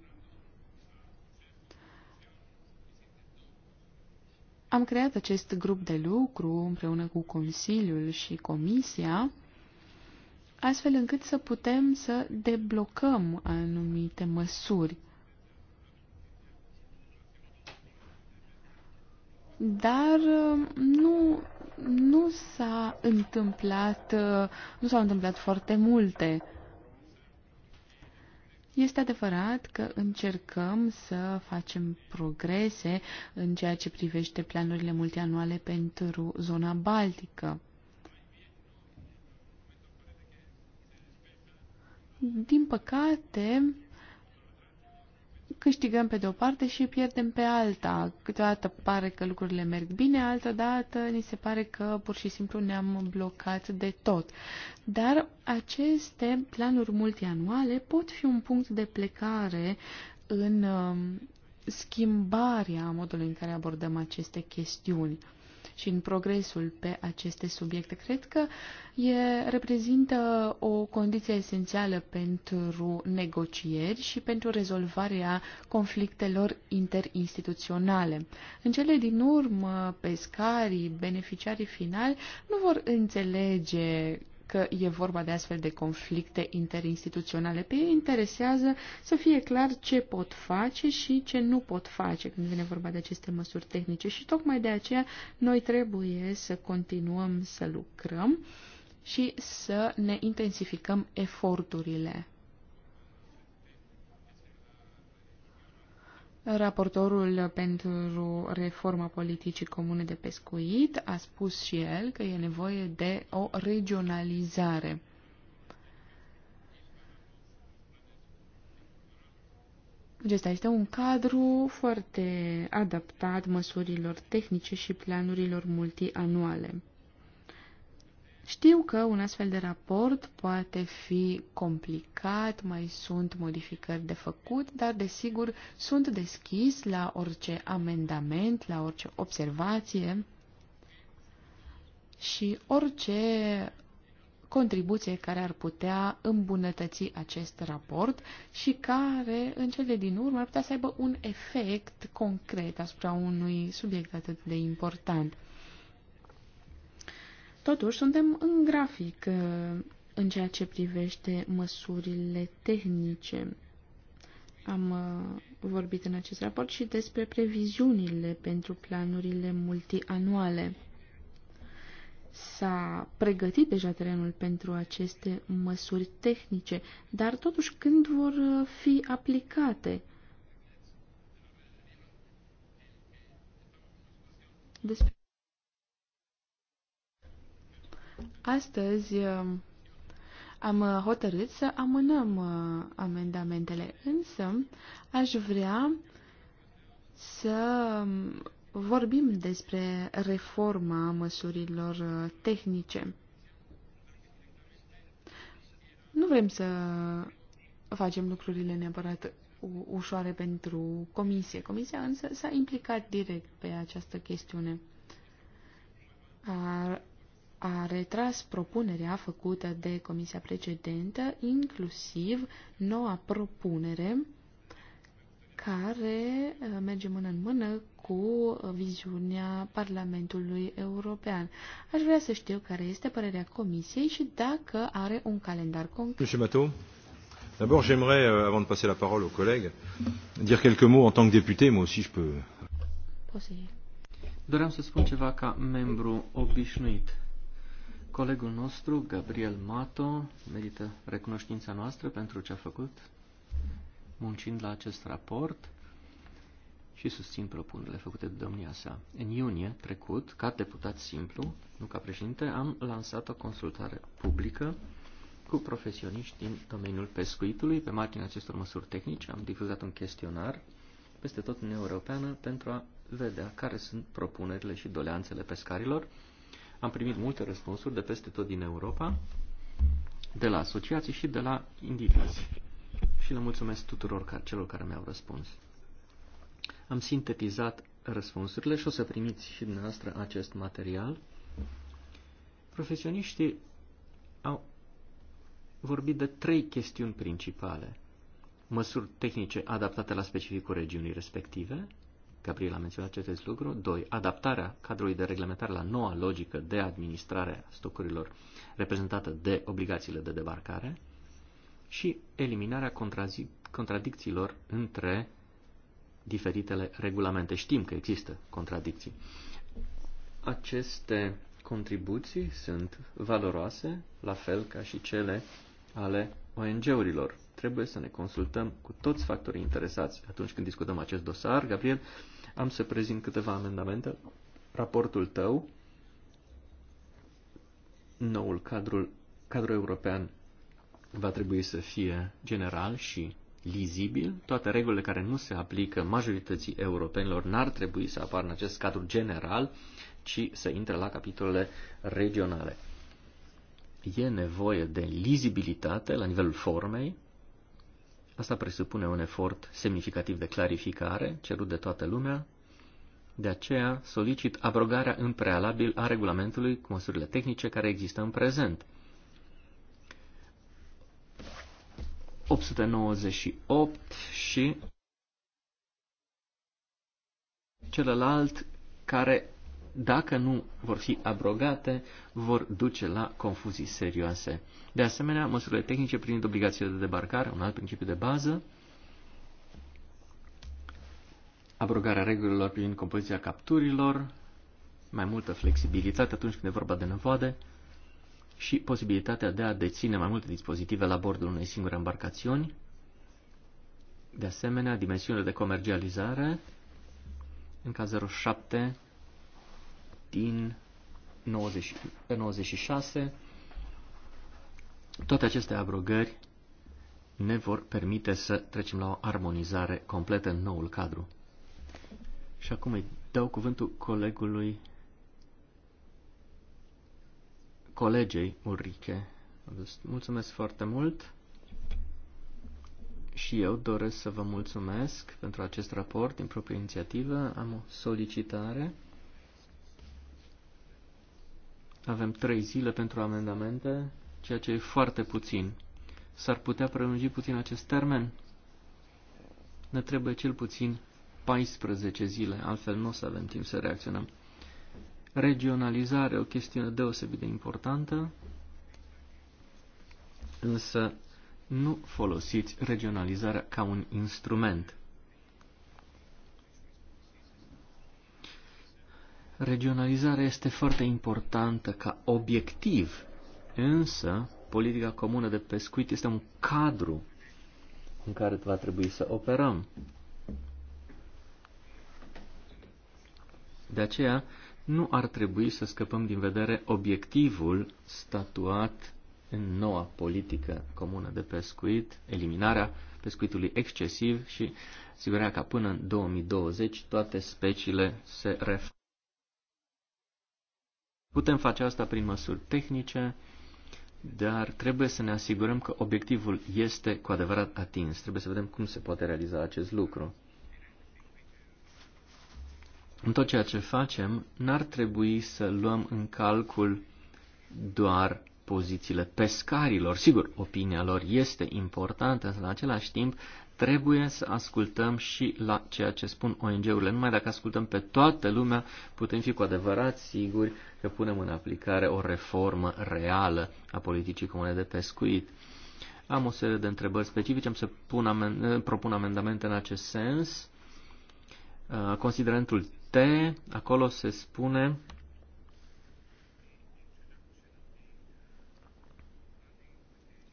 Am creat acest grup de lucru împreună cu Consiliul și Comisia, astfel încât să putem să deblocăm anumite măsuri. Dar uh, nu, nu s-a întâmplat, uh, nu s-au întâmplat foarte multe. Este adevărat că încercăm să facem progrese în ceea ce privește planurile multianuale pentru zona baltică. Din păcate, câștigăm pe de o parte și pierdem pe alta. Câteodată pare că lucrurile merg bine, dată ni se pare că pur și simplu ne-am blocat de tot. Dar aceste planuri multianuale pot fi un punct de plecare în um, schimbarea modului în care abordăm aceste chestiuni și în progresul pe aceste subiecte. Cred că e, reprezintă o condiție esențială pentru negocieri și pentru rezolvarea conflictelor interinstituționale. În cele din urmă, pescarii, beneficiarii finali nu vor înțelege că e vorba de astfel de conflicte interinstituționale. Pe ei interesează să fie clar ce pot face și ce nu pot face când vine vorba de aceste măsuri tehnice și tocmai de aceea noi trebuie să continuăm să lucrăm și să ne intensificăm eforturile. Raportorul pentru reforma politicii comune de pescuit a spus și el că e nevoie de o regionalizare. Acesta deci, este un cadru foarte adaptat măsurilor tehnice și planurilor multianuale. Știu că un astfel de raport poate fi complicat, mai sunt modificări de făcut, dar desigur sunt deschis la orice amendament, la orice observație și orice contribuție care ar putea îmbunătăți acest raport și care, în cele din urmă, ar putea să aibă un efect concret asupra unui subiect atât de important. Totuși, suntem în grafic uh, în ceea ce privește măsurile tehnice. Am uh, vorbit în acest raport și despre previziunile pentru planurile multianuale. S-a pregătit deja terenul pentru aceste măsuri tehnice, dar totuși când vor uh, fi aplicate? Despre Astăzi um, am uh, hotărât să amânăm uh, amendamentele, însă aș vrea să um, vorbim despre reforma măsurilor uh, tehnice. Nu vrem să facem lucrurile neapărat ușoare pentru comisie. Comisia însă s-a implicat direct pe această chestiune. A a retras propunerea făcută de comisia precedentă, inclusiv noua propunere care uh, merge mână în mână cu viziunea Parlamentului European. Aș vrea să știu care este părerea Comisiei și dacă are un calendar concret. Monsieur Mato, d'abord j'aimerais, euh, avant de passer la parole aux collègues, dire quelques mots en tant que député, moi aussi je peux. Doream să spun ceva ca membru obișnuit. Colegul nostru, Gabriel Mato, merită recunoștința noastră pentru ce a făcut muncind la acest raport și susțin propunerile făcute de domnia sa. În iunie trecut, ca deputat simplu, nu ca președinte, am lansat o consultare publică cu profesioniști din domeniul pescuitului. Pe marginea acestor măsuri tehnice am difuzat un chestionar peste tot în Europeană pentru a vedea care sunt propunerile și doleanțele pescarilor am primit multe răspunsuri de peste tot din Europa, de la asociații și de la indivizi. Și le mulțumesc tuturor celor care mi-au răspuns. Am sintetizat răspunsurile și o să primiți și dumneavoastră acest material. Profesioniștii au vorbit de trei chestiuni principale. Măsuri tehnice adaptate la specificul regiunii respective, Gabriel a menționat acest lucru. 2. Adaptarea cadrului de reglementare la noua logică de administrare a stocurilor reprezentată de obligațiile de debarcare și eliminarea contradicțiilor între diferitele regulamente. Știm că există contradicții. Aceste contribuții sunt valoroase, la fel ca și cele ale ONG-urilor. Trebuie să ne consultăm cu toți factorii interesați atunci când discutăm acest dosar. Gabriel am să prezint câteva amendamente. Raportul tău, noul cadrul, cadru european va trebui să fie general și lizibil. Toate regulile care nu se aplică majorității europenilor n-ar trebui să apară în acest cadru general, ci să intre la capitolele regionale. E nevoie de lizibilitate la nivelul formei, Asta presupune un efort semnificativ de clarificare cerut de toată lumea, de aceea solicit abrogarea în prealabil a regulamentului cu măsurile tehnice care există în prezent. 898 și celălalt care dacă nu vor fi abrogate, vor duce la confuzii serioase. De asemenea, măsurile tehnice privind obligațiile de debarcare, un alt principiu de bază, abrogarea regulilor privind compoziția capturilor, mai multă flexibilitate atunci când e vorba de nevoade și posibilitatea de a deține mai multe dispozitive la bordul unei singure embarcațiuni, de asemenea dimensiunile de comercializare, în cazul 07, din 90, 96. Toate aceste abrogări ne vor permite să trecem la o armonizare completă în noul cadru. Și acum îi dau cuvântul colegului, colegei Urriche. Mulțumesc foarte mult și eu doresc să vă mulțumesc pentru acest raport din proprie inițiativă. Am o solicitare. Avem trei zile pentru amendamente, ceea ce e foarte puțin. S-ar putea prelungi puțin acest termen? Ne trebuie cel puțin 14 zile, altfel nu o să avem timp să reacționăm. Regionalizare, o chestiune deosebit de importantă, însă nu folosiți regionalizarea ca un instrument. Regionalizarea este foarte importantă ca obiectiv, însă politica comună de pescuit este un cadru în care va trebui să operăm. De aceea, nu ar trebui să scăpăm din vedere obiectivul statuat în noua politică comună de pescuit, eliminarea pescuitului excesiv și sigurarea ca până în 2020 toate speciile se referă. Putem face asta prin măsuri tehnice, dar trebuie să ne asigurăm că obiectivul este cu adevărat atins. Trebuie să vedem cum se poate realiza acest lucru. În tot ceea ce facem, n-ar trebui să luăm în calcul doar pozițiile pescarilor. Sigur, opinia lor este importantă, însă în același timp trebuie să ascultăm și la ceea ce spun ONG-urile. Numai dacă ascultăm pe toată lumea, putem fi cu adevărat siguri că punem în aplicare o reformă reală a politicii comune de pescuit. Am o serie de întrebări specifice, am să pun amen, eh, propun amendamente în acest sens. Eh, considerentul T, acolo se spune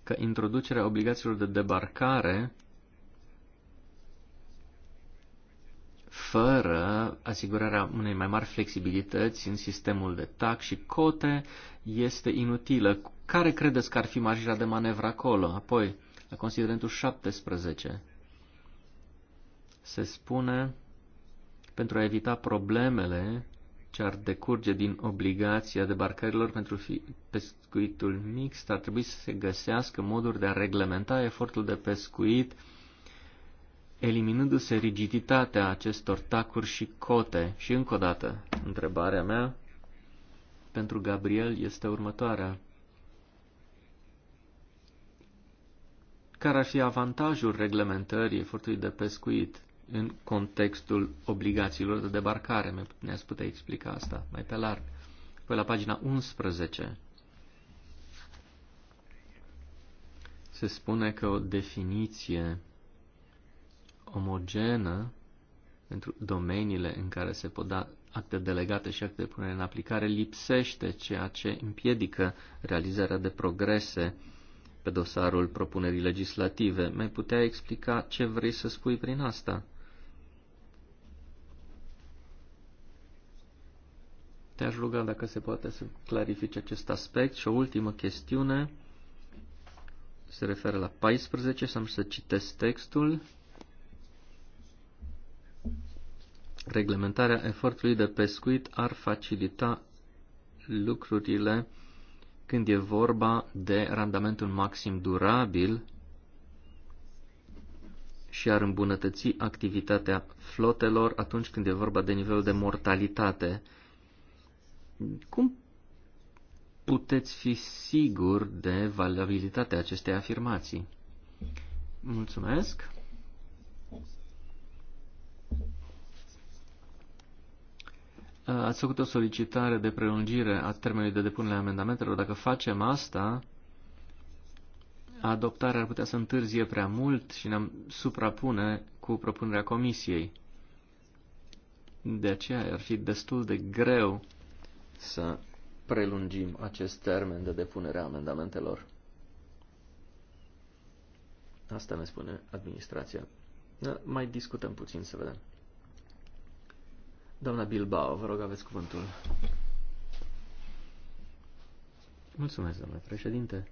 că introducerea obligațiilor de debarcare fără asigurarea unei mai mari flexibilități în sistemul de tax și cote este inutilă. Care credeți că ar fi marja de manevră acolo? Apoi, la considerentul 17, se spune, pentru a evita problemele ce ar decurge din obligația debarcărilor pentru pescuitul mixt, ar trebui să se găsească moduri de a reglementa efortul de pescuit eliminându-se rigiditatea acestor tacuri și cote. Și încă o dată, întrebarea mea pentru Gabriel este următoarea. Care ar fi avantajul reglementării efortului de pescuit în contextul obligațiilor de debarcare? Ne-ați putea explica asta mai pe larg. Păi la pagina 11 se spune că o definiție omogenă pentru domeniile în care se pot da acte delegate și acte de punere în aplicare lipsește ceea ce împiedică realizarea de progrese pe dosarul propunerii legislative. Mai putea explica ce vrei să spui prin asta? Te-aș ruga dacă se poate să clarifice acest aspect. Și o ultimă chestiune se referă la 14 să am să citesc textul. reglementarea efortului de pescuit ar facilita lucrurile când e vorba de randamentul maxim durabil și ar îmbunătăți activitatea flotelor atunci când e vorba de nivelul de mortalitate. Cum puteți fi sigur de valabilitatea acestei afirmații? Mulțumesc! Uh, ați făcut o solicitare de prelungire a termenului de depunere a amendamentelor. Dacă facem asta, adoptarea ar putea să întârzie prea mult și ne-am suprapune cu propunerea comisiei. De aceea ar fi destul de greu să prelungim acest termen de depunere a amendamentelor. Asta ne spune administrația. Da, mai discutăm puțin să vedem. Doamna Bilbao, vă rog, aveți cuvântul. Mulțumesc, domnule președinte.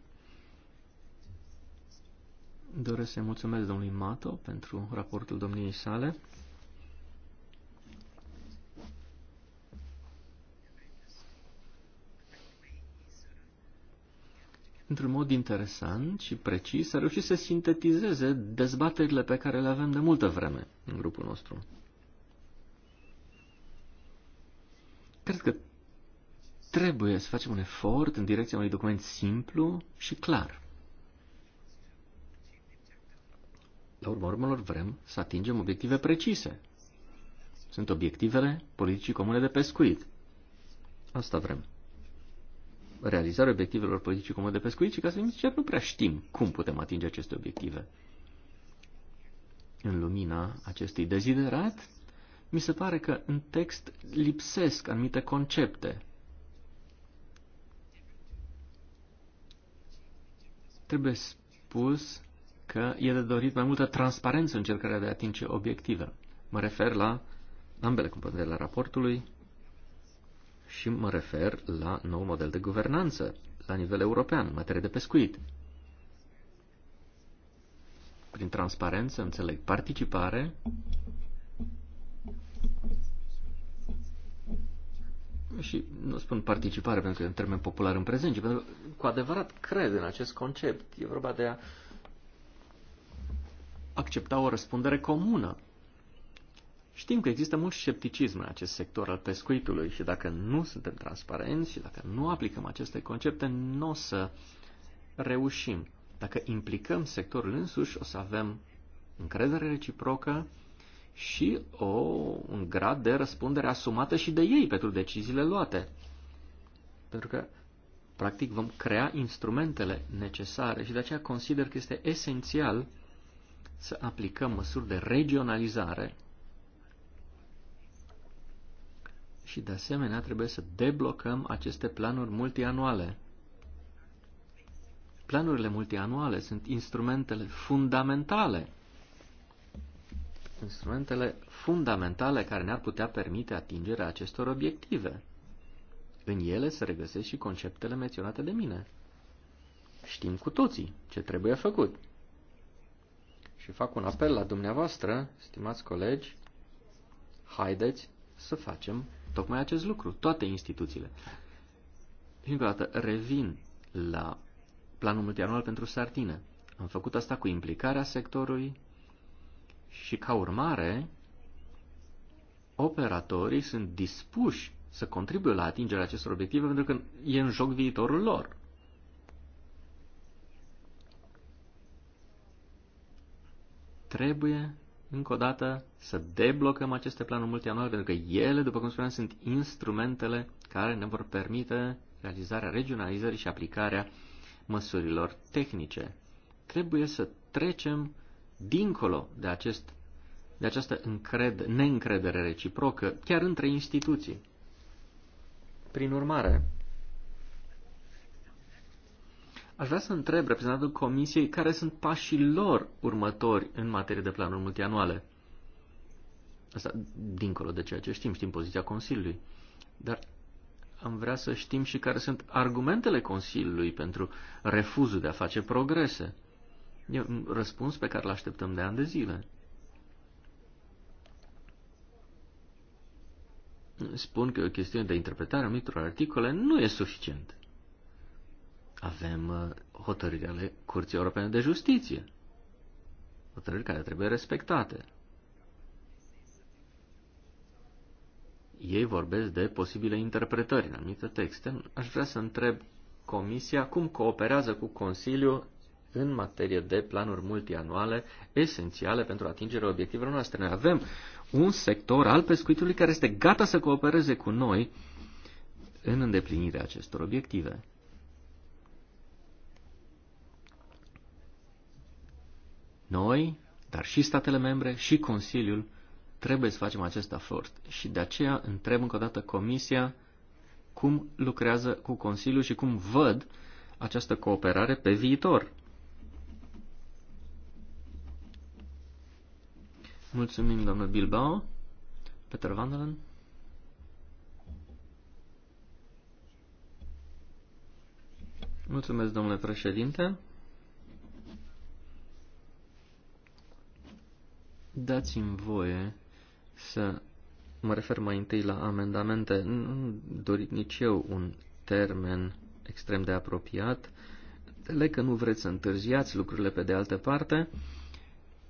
Doresc să mulțumesc domnului Mato pentru raportul domniei sale. într-un mod interesant și precis, a reușit să sintetizeze dezbaterile pe care le avem de multă vreme în grupul nostru. Cred că trebuie să facem un efort în direcția unui document simplu și clar. La urma urmelor vrem să atingem obiective precise. Sunt obiectivele politicii comune de pescuit. Asta vrem. Realizarea obiectivelor politicii comune de pescuit și ca să fim sinceri, nu prea știm cum putem atinge aceste obiective. În lumina acestui deziderat, mi se pare că în text lipsesc anumite concepte. Trebuie spus că e de dorit mai multă transparență în încercarea de a atinge obiective. Mă refer la ambele componente ale raportului și mă refer la nou model de guvernanță la nivel european în materie de pescuit. Prin transparență înțeleg participare, și nu spun participare pentru că e un termen popular în prezent, ci pentru că cu adevărat cred în acest concept. E vorba de a accepta o răspundere comună. Știm că există mult scepticism în acest sector al pescuitului și dacă nu suntem transparenți și dacă nu aplicăm aceste concepte, nu o să reușim. Dacă implicăm sectorul însuși, o să avem încredere reciprocă și o, un grad de răspundere asumată și de ei pentru deciziile luate. Pentru că, practic, vom crea instrumentele necesare și de aceea consider că este esențial să aplicăm măsuri de regionalizare și, de asemenea, trebuie să deblocăm aceste planuri multianuale. Planurile multianuale sunt instrumentele fundamentale instrumentele fundamentale care ne-ar putea permite atingerea acestor obiective. În ele se regăsesc și conceptele menționate de mine. Știm cu toții ce trebuie făcut. Și fac un apel la dumneavoastră, stimați colegi, haideți să facem tocmai acest lucru, toate instituțiile. Și încă o dată, revin la planul multianual pentru sartine. Am făcut asta cu implicarea sectorului, și ca urmare, operatorii sunt dispuși să contribuie la atingerea acestor obiective pentru că e în joc viitorul lor. Trebuie, încă o dată, să deblocăm aceste planuri multianuale, pentru că ele, după cum spuneam, sunt instrumentele care ne vor permite realizarea regionalizării și aplicarea măsurilor tehnice. Trebuie să trecem dincolo de, acest, de această încred, neîncredere reciprocă, chiar între instituții. Prin urmare, aș vrea să întreb reprezentantul Comisiei care sunt pașii lor următori în materie de planuri multianuale. Asta dincolo de ceea ce știm, știm poziția Consiliului. Dar am vrea să știm și care sunt argumentele Consiliului pentru refuzul de a face progrese. E un răspuns pe care îl așteptăm de ani de zile. Spun că o chestiune de interpretare a anumitor articole nu e suficient. Avem uh, hotărâri ale Curții Europene de Justiție, hotărâri care trebuie respectate. Ei vorbesc de posibile interpretări în anumite texte. Aș vrea să întreb Comisia cum cooperează cu Consiliul în materie de planuri multianuale esențiale pentru atingerea obiectivelor noastre. Noi avem un sector al pescuitului care este gata să coopereze cu noi în îndeplinirea acestor obiective. Noi, dar și statele membre, și Consiliul, trebuie să facem acest efort. Și de aceea întreb încă o dată Comisia cum lucrează cu Consiliul și cum văd această cooperare pe viitor. Mulțumim, domnul Bilbao. Peter Vanderen. Mulțumesc, domnule președinte. Dați-mi voie să mă refer mai întâi la amendamente. Nu dorit nici eu un termen extrem de apropiat. Înțeleg că nu vreți să întârziați lucrurile pe de altă parte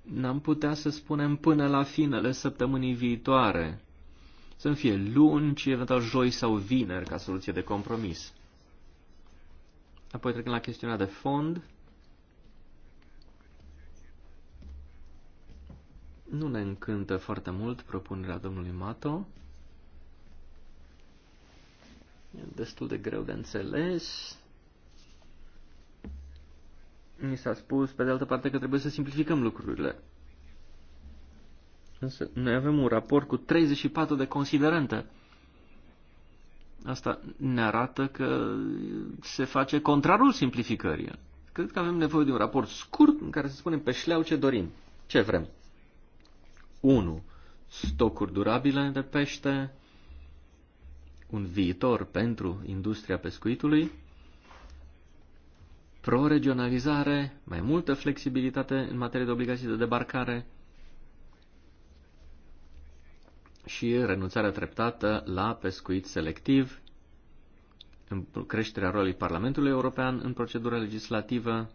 n-am putea să spunem până la finele săptămânii viitoare, să fie luni, ci eventual joi sau vineri ca soluție de compromis. Apoi trecând la chestiunea de fond, nu ne încântă foarte mult propunerea domnului Mato. E destul de greu de înțeles. Mi s-a spus, pe de altă parte, că trebuie să simplificăm lucrurile. Însă noi avem un raport cu 34 de considerente. Asta ne arată că se face contrarul simplificării. Cred că avem nevoie de un raport scurt în care să spunem pe șleau ce dorim, ce vrem. 1. Stocuri durabile de pește, un viitor pentru industria pescuitului, proregionalizare, mai multă flexibilitate în materie de obligații de debarcare și renunțarea treptată la pescuit selectiv, în creșterea rolului Parlamentului European în procedura legislativă,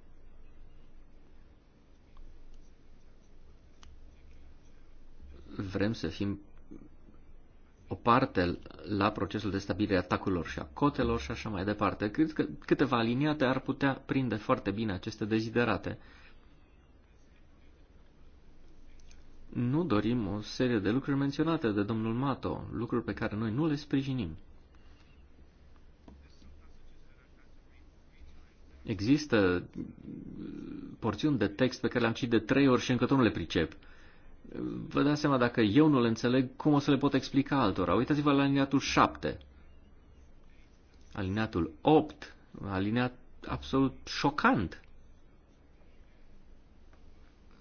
vrem să fim o parte la procesul de stabilire a tacurilor și a cotelor și așa mai departe. Cred că câteva aliniate ar putea prinde foarte bine aceste deziderate. Nu dorim o serie de lucruri menționate de domnul Mato, lucruri pe care noi nu le sprijinim. Există porțiuni de text pe care le-am citit de trei ori și încă tot nu le pricep. Uh, vă dați seama dacă eu nu le înțeleg, cum o să le pot explica altora? Uitați-vă la alineatul 7, alineatul 8, alineat absolut șocant.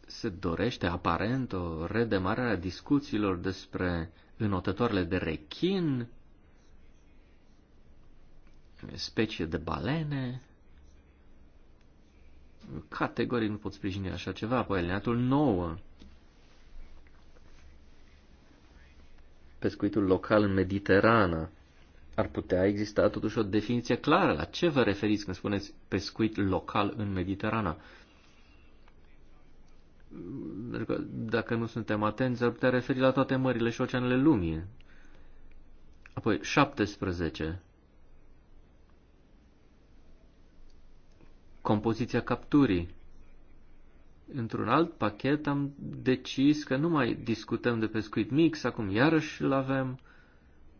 Se dorește aparent o redemarare a discuțiilor despre înotătoarele de rechin, specie de balene. Categorii nu pot sprijini așa ceva, apoi alineatul 9, pescuitul local în Mediterana. Ar putea exista totuși o definiție clară. La ce vă referiți când spuneți pescuit local în Mediterana? Dacă nu suntem atenți, ar putea referi la toate mările și oceanele lumii. Apoi, 17. Compoziția capturii într-un alt pachet am decis că nu mai discutăm de pescuit mix, acum iarăși îl avem,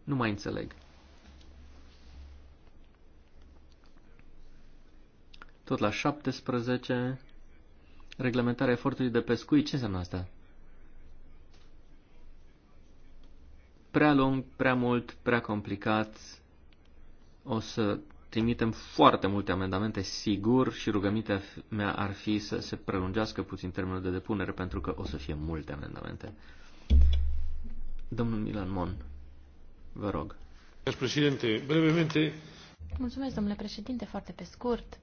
nu mai înțeleg. Tot la 17, reglementarea efortului de pescuit, ce înseamnă asta? Prea lung, prea mult, prea complicat, o să trimitem foarte multe amendamente, sigur, și rugămintea mea ar fi să se prelungească puțin termenul de depunere, pentru că o să fie multe amendamente. Domnul Milan Mon, vă rog. Președinte, brevemente. Mulțumesc, domnule președinte, foarte pe scurt.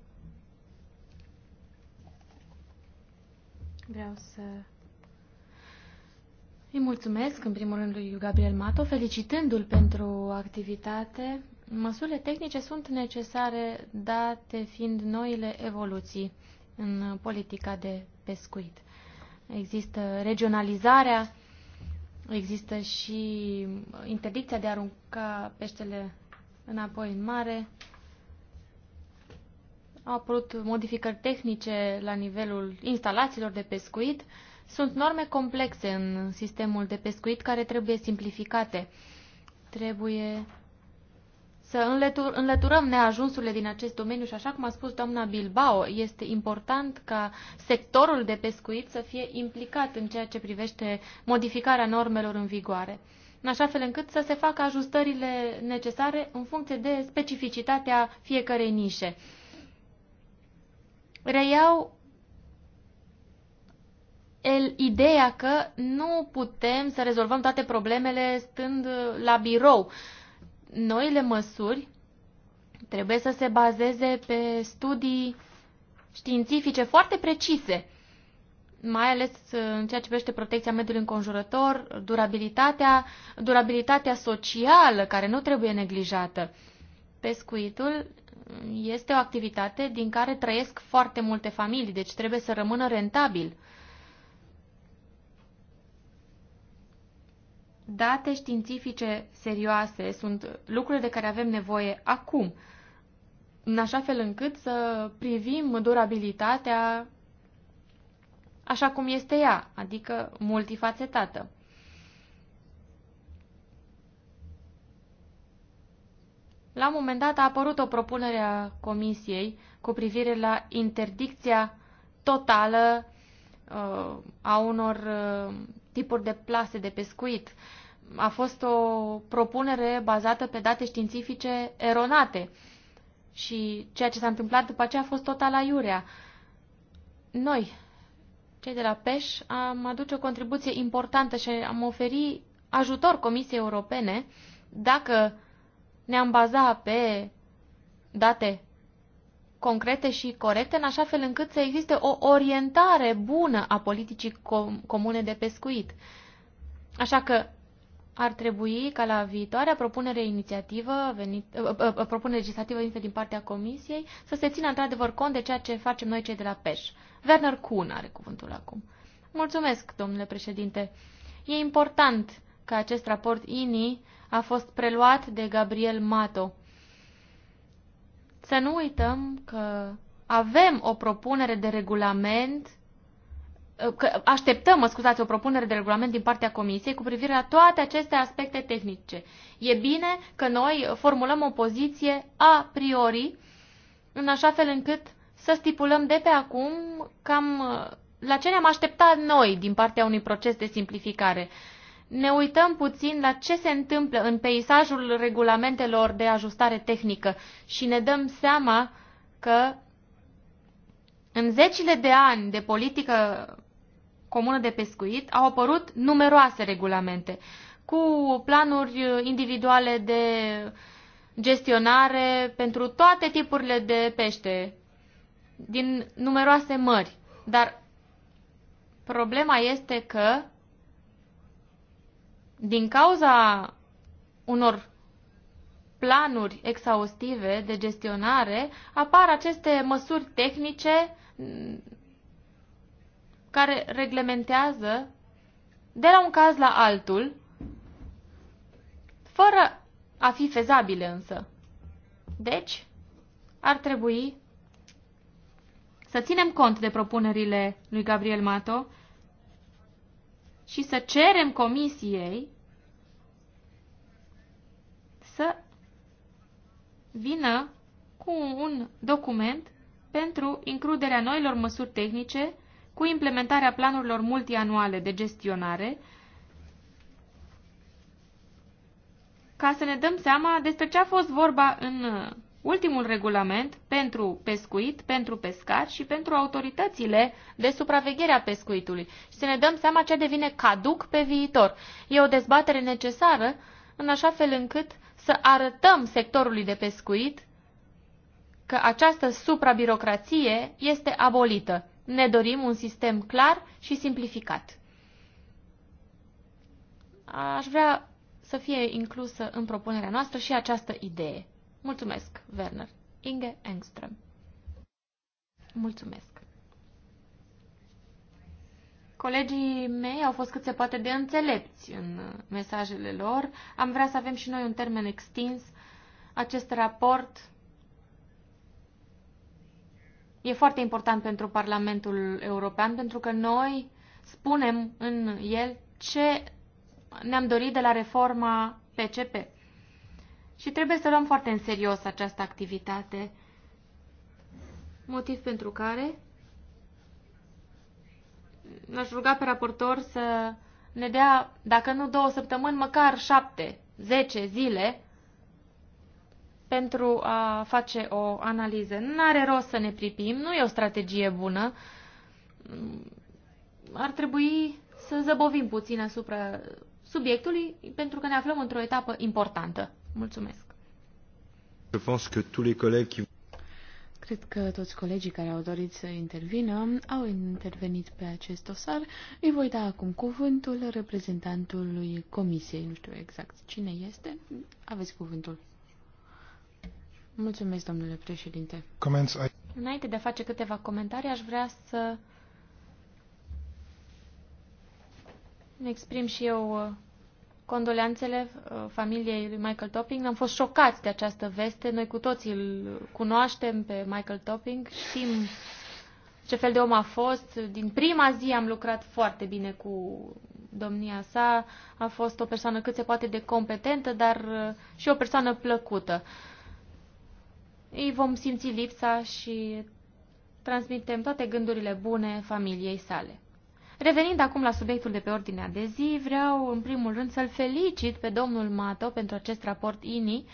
Vreau să îi mulțumesc, în primul rând, lui Gabriel Mato, felicitându-l pentru activitate Măsurile tehnice sunt necesare, date fiind noile evoluții în politica de pescuit. Există regionalizarea, există și interdicția de a arunca peștele înapoi în mare. Au apărut modificări tehnice la nivelul instalațiilor de pescuit. Sunt norme complexe în sistemul de pescuit care trebuie simplificate. Trebuie să înlăturăm neajunsurile din acest domeniu și, așa cum a spus doamna Bilbao, este important ca sectorul de pescuit să fie implicat în ceea ce privește modificarea normelor în vigoare, în așa fel încât să se facă ajustările necesare în funcție de specificitatea fiecarei nișe. Reiau el, ideea că nu putem să rezolvăm toate problemele stând la birou. Uh, noile măsuri trebuie să se bazeze pe studii științifice foarte precise, mai ales uh, în ceea ce privește protecția mediului înconjurător, durabilitatea, durabilitatea socială, care nu trebuie neglijată. Pescuitul este o activitate din care trăiesc foarte multe familii, deci trebuie să rămână rentabil. date științifice serioase sunt lucrurile de care avem nevoie acum, în așa fel încât să privim durabilitatea așa cum este ea, adică multifacetată. La un moment dat a apărut o propunere a Comisiei cu privire la interdicția totală uh, a unor uh, tipuri de plase de pescuit. Uh, a fost o propunere bazată pe date științifice eronate și ceea ce s-a întâmplat după aceea a fost total aiurea. Noi, cei de la PEș, am aduce o contribuție importantă și am oferi ajutor Comisiei Europene dacă ne-am baza pe date concrete și corecte, în așa fel încât să existe o orientare bună a politicii comune de pescuit. Așa că ar trebui ca la viitoarea propunere inițiativă venit, ă, ă, ă, propunere legislativă venită din partea Comisiei să se țină într-adevăr cont de ceea ce facem noi cei de la PES. Werner Kuhn are cuvântul acum. Mulțumesc, domnule președinte. E important că acest raport INI a fost preluat de Gabriel Mato. Să nu uităm că avem o propunere de regulament că așteptăm, mă scuzați, o propunere de regulament din partea Comisiei cu privire la toate aceste aspecte tehnice. E bine că noi formulăm o poziție a priori, în așa fel încât să stipulăm de pe acum cam uh, la ce ne-am așteptat noi din partea unui proces de simplificare. Ne uităm puțin la ce se întâmplă în peisajul regulamentelor de ajustare tehnică și ne dăm seama că în zecile de ani de politică comună de pescuit au apărut numeroase regulamente cu planuri individuale de gestionare pentru toate tipurile de pește din numeroase mări. Dar problema este că din cauza unor planuri exhaustive de gestionare apar aceste măsuri tehnice care reglementează de la un caz la altul, fără a fi fezabile însă. Deci, ar trebui să ținem cont de propunerile lui Gabriel Mato și să cerem comisiei să vină cu un document pentru includerea noilor măsuri tehnice cu implementarea planurilor multianuale de gestionare, ca să ne dăm seama despre ce a fost vorba în uh, ultimul regulament pentru pescuit, pentru pescar și pentru autoritățile de supraveghere a pescuitului și să ne dăm seama ce devine caduc pe viitor. E o dezbatere necesară în așa fel încât să arătăm sectorului de pescuit că această suprabirocrație este abolită. Ne dorim un sistem clar și simplificat. Aș vrea să fie inclusă în propunerea noastră și această idee. Mulțumesc, Werner. Inge Engström. Mulțumesc. Colegii mei au fost cât se poate de înțelepți în mesajele lor. Am vrea să avem și noi un termen extins. Acest raport e foarte important pentru Parlamentul European, pentru că noi spunem în el ce ne-am dorit de la reforma PCP. Și trebuie să luăm foarte în serios această activitate, motiv pentru care aș ruga pe raportor să ne dea, dacă nu două săptămâni, măcar șapte, zece zile pentru a face o analiză. Nu are rost să ne pripim, nu e o strategie bună. Ar trebui să zăbovim puțin asupra subiectului pentru că ne aflăm într-o etapă importantă. Mulțumesc. Je pense que tous les collègues qui... Cred că toți colegii care au dorit să intervină au intervenit pe acest dosar. Îi voi da acum cuvântul reprezentantului comisiei. Nu știu exact cine este. Aveți cuvântul. Mulțumesc, domnule președinte. Comenț ai... Înainte de a face câteva comentarii, aș vrea să ne exprim și eu uh, condoleanțele uh, familiei lui Michael Topping. Am fost șocați de această veste. Noi cu toții îl cunoaștem pe Michael Topping, știm ce fel de om a fost. Din prima zi am lucrat foarte bine cu domnia sa. A fost o persoană cât se poate de competentă, dar uh, și o persoană plăcută. Uh, îi vom simți lipsa și transmitem toate gândurile bune familiei sale. Revenind acum la subiectul de pe ordinea de zi, vreau în primul rând să-l felicit pe domnul Mato pentru acest raport INI,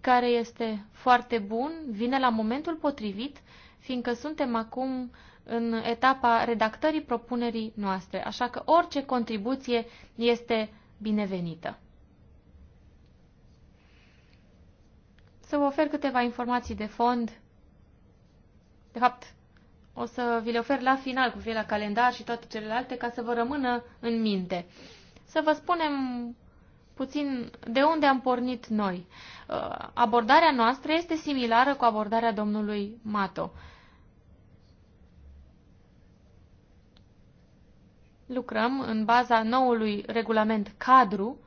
care este foarte bun, vine la momentul potrivit, fiindcă suntem acum în etapa redactării propunerii noastre, așa că orice contribuție este binevenită. să vă ofer câteva informații de fond. De fapt, o să vi le ofer la final cu fie la calendar și toate celelalte ca să vă rămână în minte. Să vă spunem puțin de unde am pornit noi. Uh, abordarea noastră este similară cu abordarea domnului Mato. Lucrăm în baza noului regulament cadru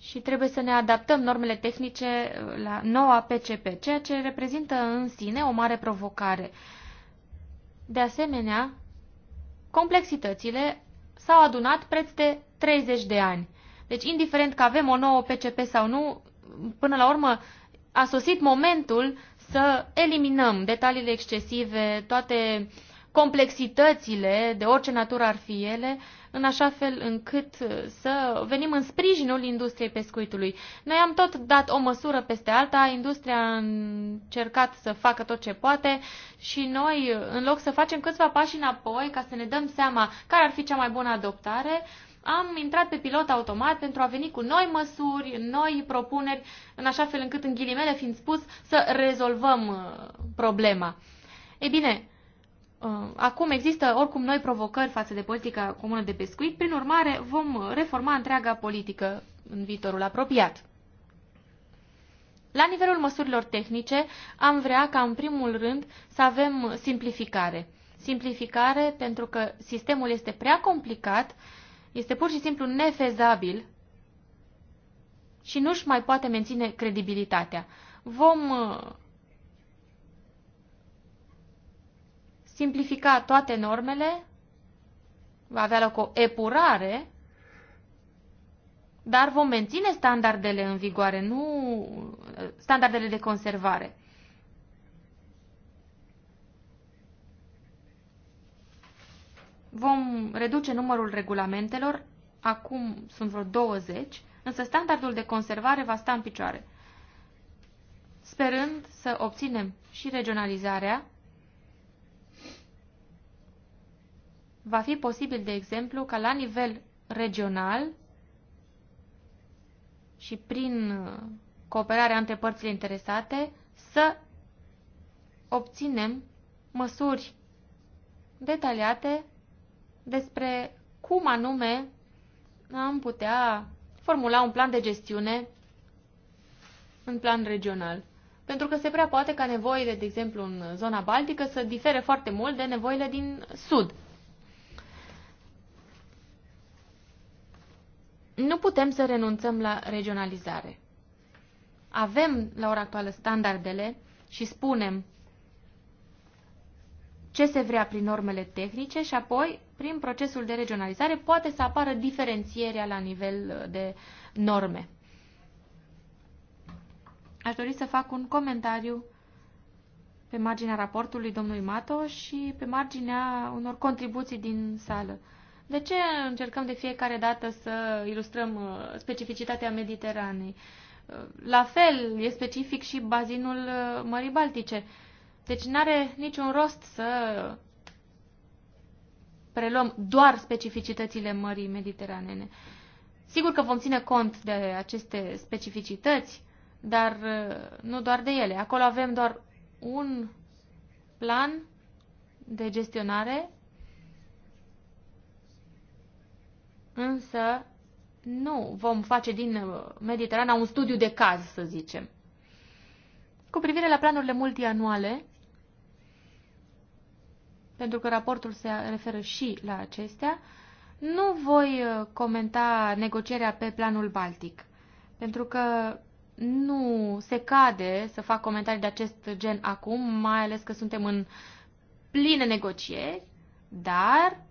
și trebuie să ne adaptăm normele tehnice uh, la noua PCP, ceea ce reprezintă în sine o mare provocare. De asemenea, complexitățile s-au adunat preț de 30 de ani. Deci, indiferent că avem o nouă PCP sau nu, până la urmă a sosit momentul să eliminăm detaliile excesive, toate uh, complexitățile, de orice natură ar fi ele, în așa fel încât uh, să venim în sprijinul industriei pescuitului. Noi am tot dat o măsură peste alta, industria a încercat să facă tot ce poate și noi, uh, în loc să facem câțiva pași înapoi ca să ne dăm seama care ar fi cea mai bună adoptare, am intrat pe pilot automat pentru a veni cu noi măsuri, noi propuneri, în așa fel încât, în ghilimele fiind spus, să rezolvăm uh, problema. Ei bine, Uh, acum există oricum noi provocări față de politica comună de pescuit, prin urmare vom reforma întreaga politică în viitorul apropiat. La nivelul măsurilor tehnice, am vrea ca în primul rând să avem simplificare. Simplificare pentru că sistemul este prea complicat, este pur și simplu nefezabil și nu-și mai poate menține credibilitatea. Vom uh, simplifica toate normele, va avea loc o epurare, dar vom menține standardele în vigoare, nu standardele de conservare. Vom reduce numărul regulamentelor, acum sunt vreo 20, însă standardul de conservare va sta în picioare, sperând să obținem și regionalizarea, va fi posibil, de exemplu, ca la nivel regional și prin uh, cooperarea între părțile interesate să obținem măsuri detaliate despre cum anume am putea formula un plan de gestiune în plan regional. Pentru că se prea poate ca nevoile, de exemplu, în zona Baltică să difere foarte mult de nevoile din Sud. Nu putem să renunțăm la regionalizare. Avem la ora actuală standardele și spunem ce se vrea prin normele tehnice și apoi, prin procesul de regionalizare, poate să apară diferențierea la nivel de norme. Aș dori să fac un comentariu pe marginea raportului domnului Mato și pe marginea unor contribuții din sală. De ce încercăm de fiecare dată să ilustrăm uh, specificitatea Mediteranei? Uh, la fel, e specific și bazinul uh, Mării Baltice. Deci nu are niciun rost să preluăm doar specificitățile Mării Mediteranene. Sigur că vom ține cont de aceste specificități, dar nu doar de ele. Acolo avem doar un plan de gestionare însă nu vom face din Mediterana un studiu de caz, să zicem. Cu privire la planurile multianuale, pentru că raportul se referă și la acestea, nu voi uh, comenta negocierea pe planul Baltic, pentru că nu se cade să fac comentarii de acest gen acum, mai ales că suntem în pline negocieri, dar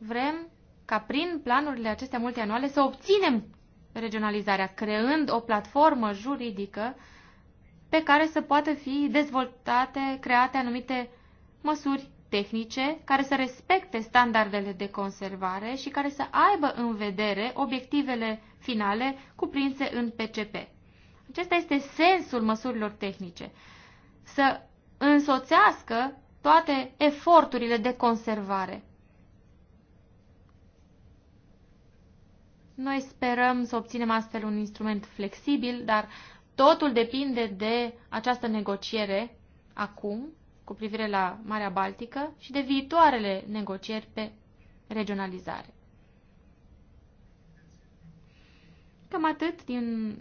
Vrem ca prin planurile acestea multianuale să obținem regionalizarea, creând o platformă juridică pe care să poată fi dezvoltate, create anumite măsuri tehnice care să respecte standardele de conservare și care să aibă în vedere obiectivele finale cuprinse în PCP. Acesta este sensul măsurilor tehnice. Să însoțească toate eforturile de conservare. Noi sperăm să obținem astfel un instrument flexibil, dar totul depinde de această negociere acum cu privire la Marea Baltică și de viitoarele negocieri pe regionalizare. Cam atât din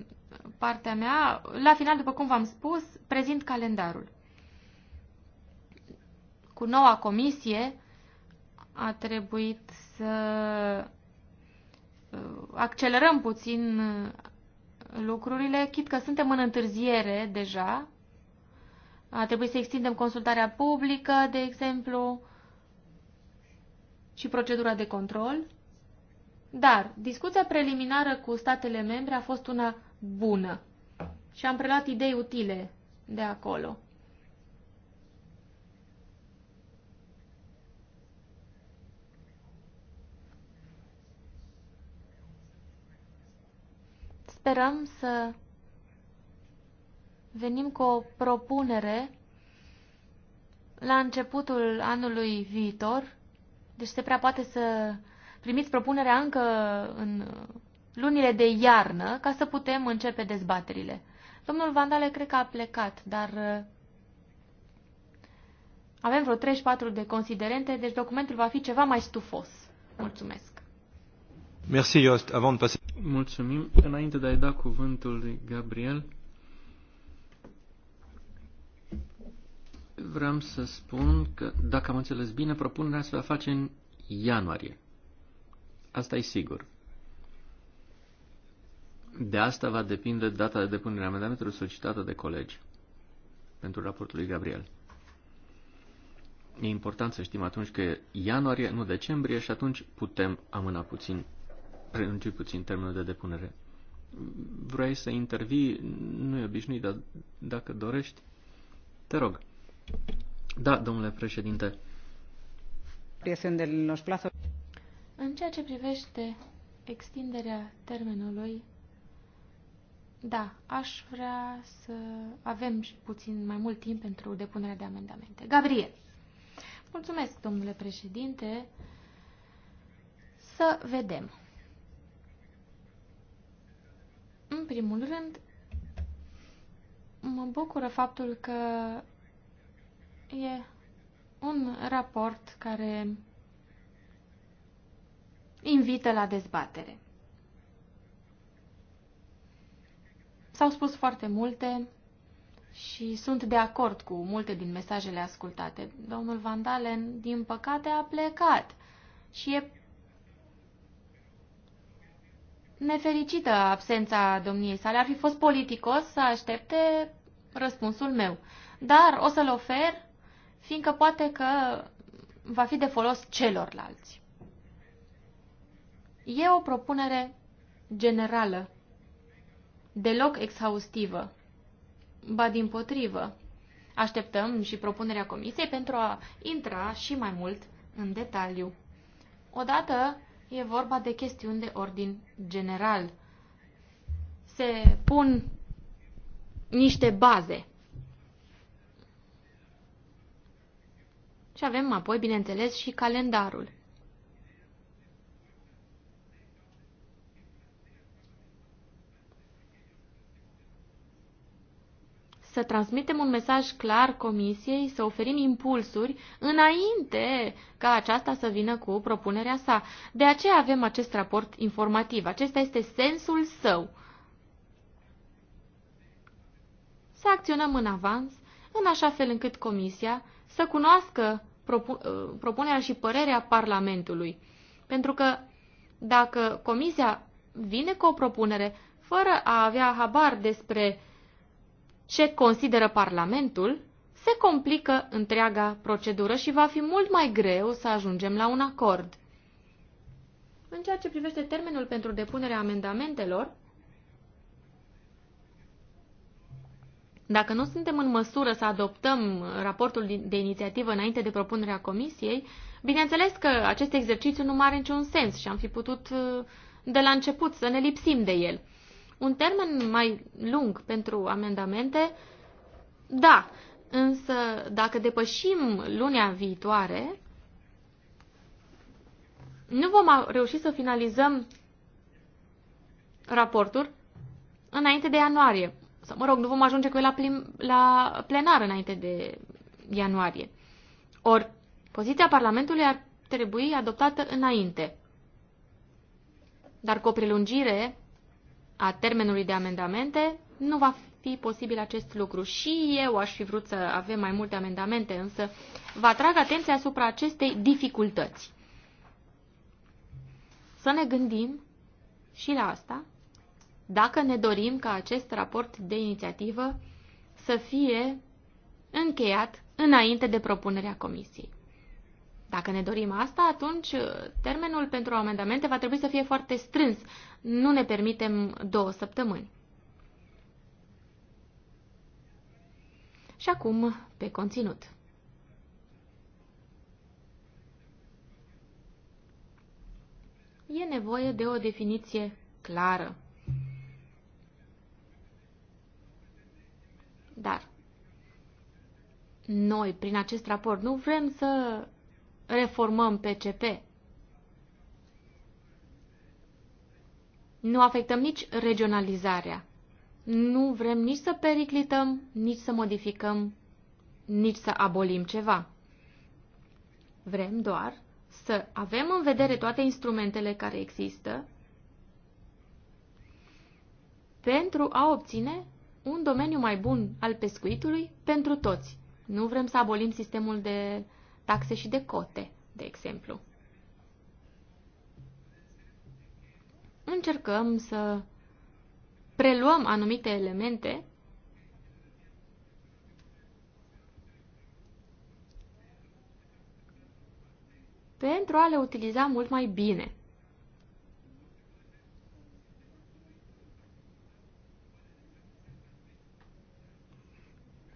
partea mea. La final, după cum v-am spus, prezint calendarul. Cu noua comisie a trebuit să Uh, accelerăm puțin uh, lucrurile, chit că suntem în întârziere deja. A trebuit să extindem consultarea publică, de exemplu, și procedura de control. Dar discuția preliminară cu statele membre a fost una bună și am preluat idei utile de acolo. Sperăm să venim cu o propunere la începutul anului viitor, deci se prea poate să primiți propunerea încă în lunile de iarnă ca să putem începe dezbaterile. Domnul Vandale cred că a plecat, dar uh, avem vreo 34 de considerente, deci documentul va fi ceva mai stufos. Mulțumesc! Merci, Avant de passer... Mulțumim. Înainte de a-i da cuvântul lui Gabriel, vreau să spun că, dacă am înțeles bine, propunerea se va face în ianuarie. Asta e sigur. De asta va depinde data de depunere a amendamentului solicitată de colegi pentru raportul lui Gabriel. E important să știm atunci că ianuarie, nu decembrie, și atunci putem amâna puțin prelungi puțin termenul de depunere. Vrei să intervii? Nu e obișnuit, dar dacă dorești, te rog. Da, domnule președinte. În ceea ce privește extinderea termenului, da, aș vrea să avem și puțin mai mult timp pentru depunerea de amendamente. Gabriel. Mulțumesc, domnule președinte. Să vedem. În primul rând, mă bucură faptul că e un raport care invită la dezbatere. S-au spus foarte multe și sunt de acord cu multe din mesajele ascultate. Domnul Vandalen, din păcate, a plecat și e nefericită absența domniei sale. Ar fi fost politicos să aștepte răspunsul meu. Dar o să-l ofer, fiindcă poate că va fi de folos celorlalți. E o propunere generală, deloc exhaustivă, ba din potrivă. Așteptăm și propunerea comisiei pentru a intra și mai mult în detaliu. Odată E vorba de chestiuni de ordin general. Se pun niște baze. Și avem apoi, bineînțeles, și calendarul. să transmitem un mesaj clar Comisiei, să oferim impulsuri înainte ca aceasta să vină cu propunerea sa. De aceea avem acest raport informativ. Acesta este sensul său. Să acționăm în avans, în așa fel încât Comisia să cunoască ă, propunerea și părerea Parlamentului. Pentru că dacă Comisia vine cu o propunere fără a avea habar despre ce consideră Parlamentul, se complică întreaga procedură și va fi mult mai greu să ajungem la un acord. În ceea ce privește termenul pentru depunerea amendamentelor, dacă nu suntem în măsură să adoptăm raportul de inițiativă înainte de propunerea comisiei, bineînțeles că acest exercițiu nu are niciun sens și am fi putut uh, de la început să ne lipsim de el un termen mai lung pentru amendamente, da, însă dacă depășim lunea viitoare, nu vom reuși să finalizăm raportul înainte de ianuarie. Sau, mă rog, nu vom ajunge cu el la, plim, la plenar înainte de ianuarie. Ori, poziția Parlamentului ar trebui adoptată înainte. Dar cu o prelungire a termenului de amendamente, nu va fi posibil acest lucru. Și eu aș fi vrut să avem mai multe amendamente, însă vă atrag atenția asupra acestei dificultăți. Să ne gândim și la asta, dacă ne dorim ca acest raport de inițiativă să fie încheiat înainte de propunerea comisiei. Dacă ne dorim asta, atunci uh, termenul pentru amendamente va trebui să fie foarte strâns. Nu ne permitem două săptămâni. Și acum pe conținut. E nevoie de o definiție clară. Dar noi, prin acest raport, nu vrem să reformăm PCP. Nu afectăm nici regionalizarea. Nu vrem nici să periclităm, nici să modificăm, nici să abolim ceva. Vrem doar să avem în vedere toate instrumentele care există pentru a obține un domeniu mai bun al pescuitului pentru toți. Nu vrem să abolim sistemul de taxe și de cote, de exemplu. Încercăm să preluăm anumite elemente pentru a le utiliza mult mai bine.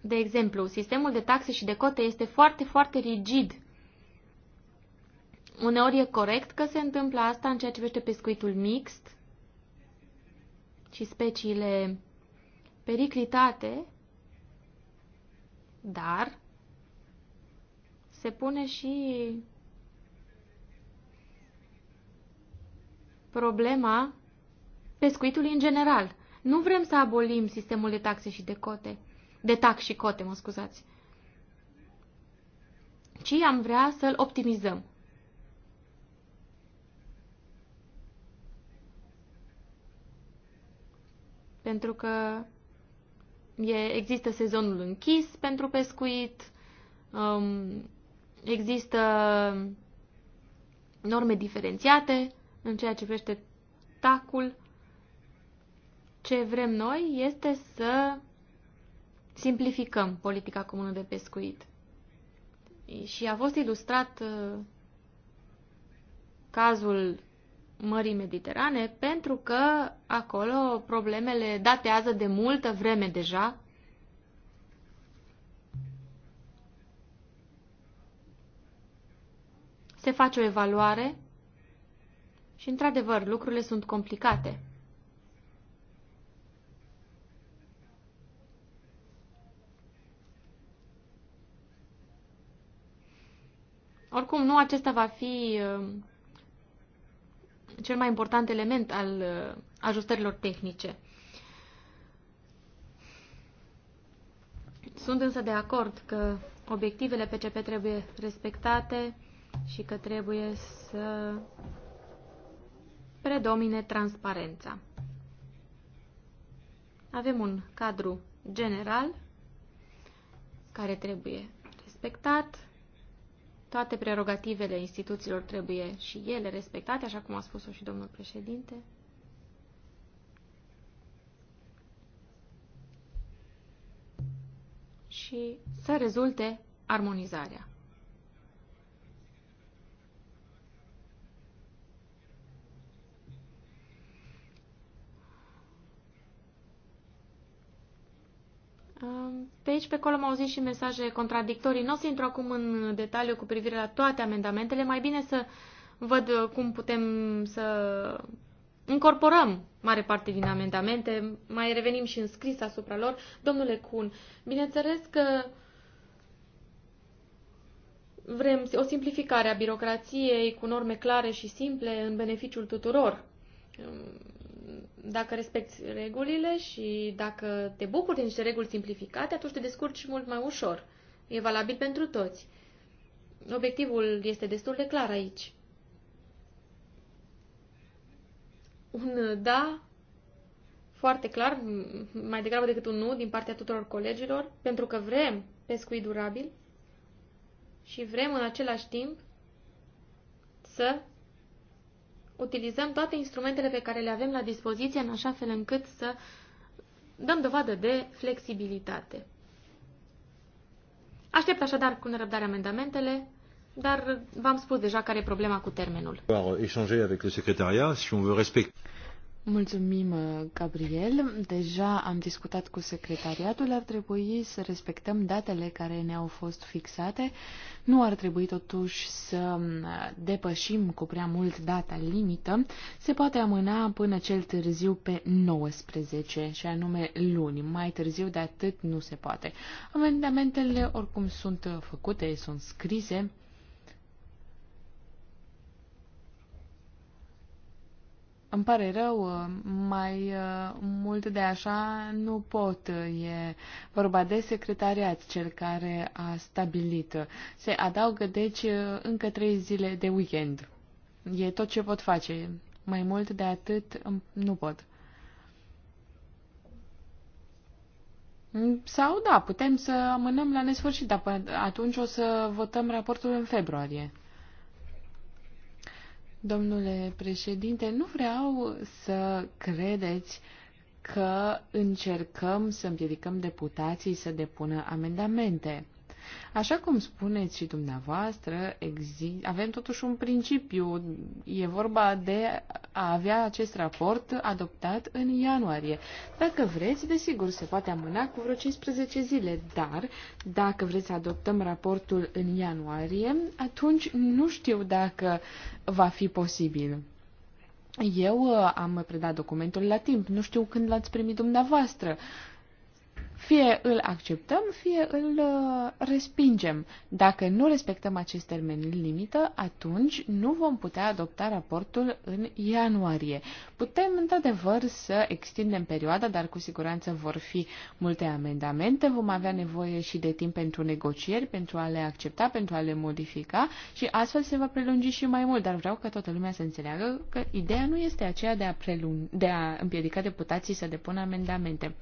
De exemplu, sistemul de taxe și de cote este foarte, foarte rigid. Uneori e corect că se întâmplă asta în ceea ce vește pescuitul mixt și speciile periclitate, dar se pune și problema pescuitului în general. Nu vrem să abolim sistemul de taxe și de cote de tac și cote, mă scuzați, ci am vrea să-l optimizăm. Pentru că e, există sezonul închis pentru pescuit, um, există norme diferențiate în ceea ce privește tacul. Ce vrem noi este să simplificăm politica comună de pescuit. Și a fost ilustrat uh, cazul Mării Mediterane pentru că acolo problemele datează de multă vreme deja. Se face o evaluare și, într-adevăr, lucrurile sunt complicate. Oricum, nu acesta va fi uh, cel mai important element al uh, ajustărilor tehnice. Sunt însă de acord că obiectivele PCP trebuie respectate și că trebuie să predomine transparența. Avem un cadru general care trebuie respectat toate prerogativele instituțiilor trebuie și ele respectate, așa cum a spus-o și domnul președinte. Și să rezulte armonizarea. Pe aici, pe acolo, am auzit și mesaje contradictorii. Nu o să intru acum în detaliu cu privire la toate amendamentele. Mai bine să văd uh, cum putem să incorporăm mare parte din amendamente. Mai revenim și în scris asupra lor. Domnule Cun, bineînțeles că vrem o simplificare a birocrației cu norme clare și simple în beneficiul tuturor. Um, dacă respecti regulile și dacă te bucuri de niște reguli simplificate, atunci te descurci mult mai ușor. E valabil pentru toți. Obiectivul este destul de clar aici. Un da foarte clar, mai degrabă decât un nu din partea tuturor colegilor, pentru că vrem pescuit durabil și vrem în același timp să utilizăm toate instrumentele pe care le avem la dispoziție în așa fel încât să dăm dovadă de flexibilitate. Aștept așadar cu nerăbdare amendamentele, dar v-am spus deja care e problema cu termenul. Mulțumim, uh, Gabriel. Deja am discutat cu secretariatul, ar trebui să respectăm datele care ne-au fost fixate. Nu ar trebui totuși să um, depășim cu prea mult data limită. Se poate amâna până cel târziu pe 19, și anume luni. Mai târziu de atât nu se poate. Amendamentele oricum sunt uh, făcute, sunt scrise Îmi pare rău, mai uh, mult de așa nu pot. E vorba de secretariat, cel care a stabilit. Se adaugă, deci, încă trei zile de weekend. E tot ce pot face. Mai mult de atât nu pot. Sau da, putem să amânăm la nesfârșit, dar atunci o să votăm raportul în februarie. Domnule președinte, nu vreau să credeți că încercăm să împiedicăm deputații să depună amendamente. Așa cum spuneți și dumneavoastră, avem totuși un principiu. E vorba de a avea acest raport adoptat în ianuarie. Dacă vreți, desigur, se poate amâna cu vreo 15 zile, dar dacă vreți să adoptăm raportul în ianuarie, atunci nu știu dacă va fi posibil. Eu uh, am predat documentul la timp, nu știu când l-ați primit dumneavoastră. Uh, fie îl acceptăm, fie îl uh, respingem. Dacă nu respectăm acest termen limită, atunci nu vom putea adopta raportul în ianuarie. Putem, într-adevăr, să extindem perioada, dar cu siguranță vor fi multe amendamente. Vom avea nevoie și de timp pentru negocieri, pentru a le accepta, pentru a le modifica și astfel se va prelungi și mai mult. Dar vreau ca toată lumea să înțeleagă că ideea nu este aceea de a, prelung- de a împiedica deputații să depună amendamente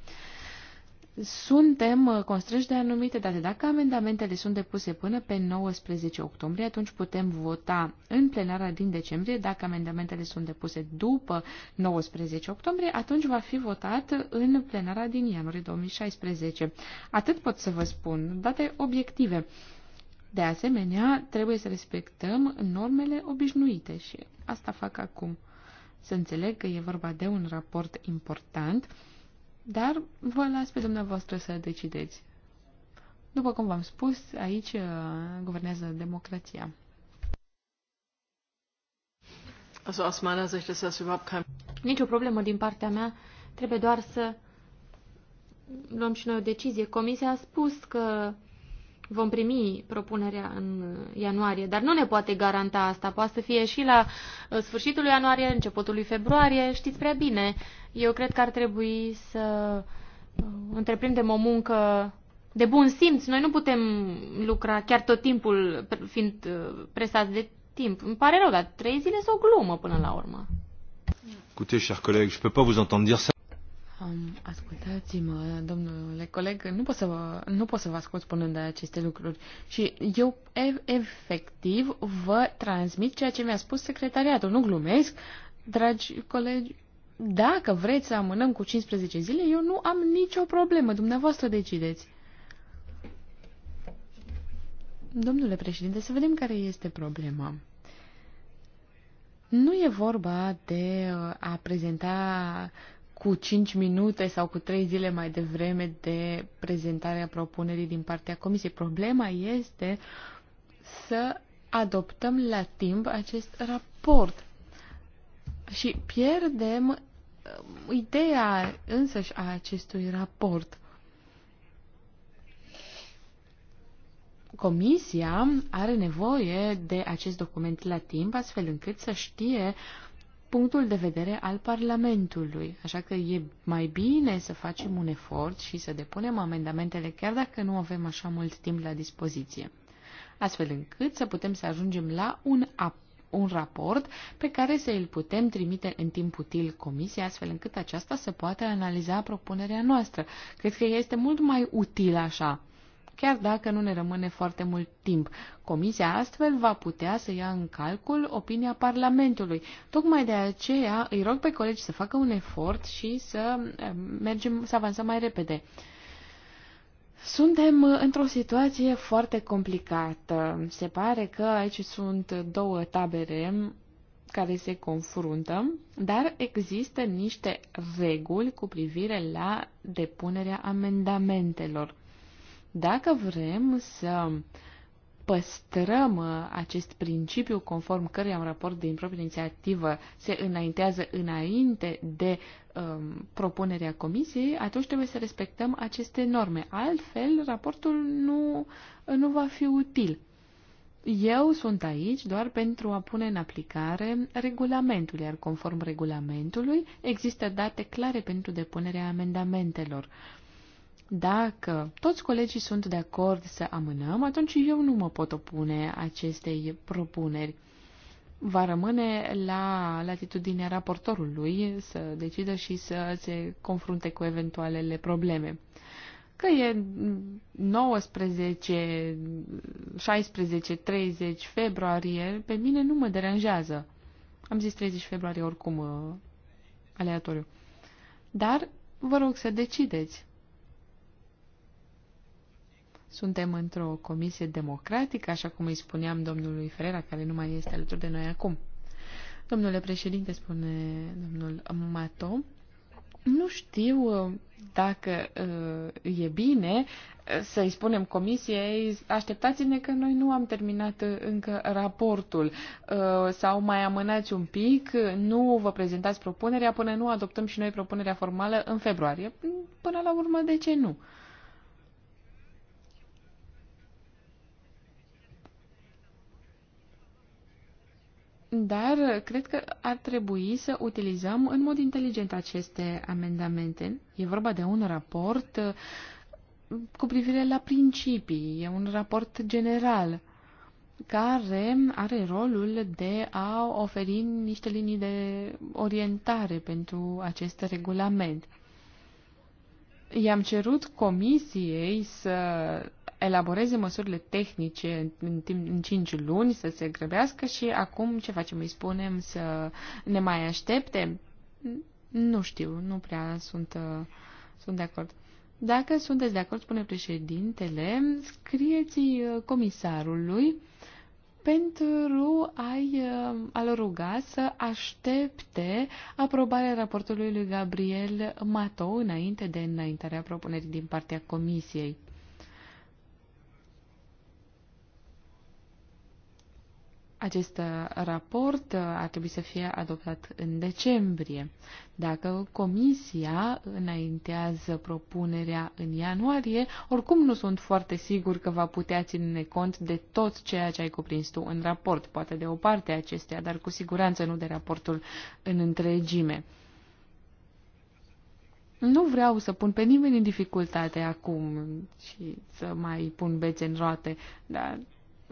suntem uh, constrânși de anumite date. Dacă amendamentele sunt depuse până pe 19 octombrie, atunci putem vota în plenara din decembrie. Dacă amendamentele sunt depuse după 19 octombrie, atunci va fi votat în plenara din ianuarie 2016. Atât pot să vă spun. Date obiective. De asemenea, trebuie să respectăm normele obișnuite și asta fac acum. Să înțeleg că e vorba de un raport important dar vă las pe dumneavoastră să decideți. După cum v-am spus, aici uh, guvernează democrația. Also aus meiner Sicht ist das überhaupt kein... Nicio problemă din partea mea. Trebuie doar să luăm și noi o decizie. Comisia a spus că Vom primi propunerea în ianuarie, dar nu ne poate garanta asta. Poate să fie și la uh, sfârșitul ianuarie, începutul lui februarie, știți prea bine. Eu cred că ar trebui să uh, întreprindem o muncă de bun simț. Noi nu putem lucra chiar tot timpul fiind uh, presați de timp. Îmi pare rău, dar trei zile sunt o glumă până la urmă. Écoutez, chers collègues, je peux pas vous entendre dire ça. Um, ascultați-mă, domnule coleg, nu pot, să vă, nu pot să vă ascult spunând de aceste lucruri. Și eu efectiv vă transmit ceea ce mi-a spus secretariatul. Nu glumesc, dragi colegi. Dacă vreți să amânăm cu 15 zile, eu nu am nicio problemă. Dumneavoastră decideți. Domnule președinte, să vedem care este problema. Nu e vorba de uh, a prezenta cu 5 minute sau cu 3 zile mai devreme de prezentarea propunerii din partea Comisiei. Problema este să adoptăm la timp acest raport și pierdem uh, ideea însăși a acestui raport. Comisia are nevoie de acest document la timp, astfel încât să știe uh, punctul de vedere al Parlamentului. Așa că e mai bine să facem un efort și să depunem amendamentele chiar dacă nu avem așa mult timp la dispoziție. Astfel încât să putem să ajungem la un ap un raport pe care să îl putem trimite în timp util comisiei, astfel încât aceasta să poată analiza propunerea noastră. Cred că este mult mai util așa chiar dacă nu ne rămâne foarte mult timp. Comisia astfel va putea să ia în calcul opinia Parlamentului. Tocmai de aceea îi rog pe colegi să facă un efort și să eh, mergem, să avansăm mai repede. Suntem într-o situație foarte complicată. Se pare că aici sunt două tabere care se confruntă, dar există niște reguli cu privire la depunerea amendamentelor. Dacă vrem să păstrăm uh, acest principiu conform căruia un raport din proprie inițiativă se înaintează înainte de um, propunerea comisiei, atunci trebuie să respectăm aceste norme. Altfel, raportul nu, nu va fi util. Eu sunt aici doar pentru a pune în aplicare regulamentul, iar conform regulamentului există date clare pentru depunerea amendamentelor. Uh, dacă toți colegii sunt de acord să amânăm, atunci eu nu mă pot opune acestei propuneri. Va rămâne la latitudinea raportorului să decidă și să se confrunte cu eventualele probleme că e 19, 16, 30 februarie, pe mine nu mă deranjează. Am zis 30 februarie oricum uh, aleatoriu. Dar vă rog să decideți. Suntem într-o comisie democratică, așa cum îi spuneam domnului Ferreira, care nu mai este alături de noi acum. Domnule președinte, spune domnul Mato, nu știu uh, dacă uh, e bine uh, să-i spunem comisiei, așteptați-ne că noi nu am terminat încă raportul sau mai amânați un pic, nu vă prezentați propunerea până nu adoptăm și noi propunerea formală în februarie. Până la urmă, de ce nu? Dar cred că ar trebui să utilizăm în mod inteligent aceste amendamente. E vorba de un raport uh, cu privire la principii, e un raport general care are rolul de a oferi niște linii de orientare pentru acest regulament. I-am cerut comisiei să elaboreze măsurile tehnice în, timp, în 5 luni, să se grăbească și acum ce facem? Îi spunem să ne mai aștepte? Nu știu, nu prea sunt, uh, sunt de acord. Dacă sunteți de acord, spune președintele, scrieți uh, comisarului pentru a-i, uh, a ruga să aștepte aprobarea raportului lui Gabriel Matou înainte de înaintarea propunerii din partea comisiei. Acest uh, raport uh, ar trebui să fie adoptat în decembrie. Dacă Comisia înaintează propunerea în ianuarie, oricum nu sunt foarte sigur că va putea ține cont de tot ceea ce ai cuprins tu în raport, poate de o parte acestea, dar cu siguranță nu de raportul în întregime. Nu vreau să pun pe nimeni în dificultate acum și să mai pun bețe în roate, dar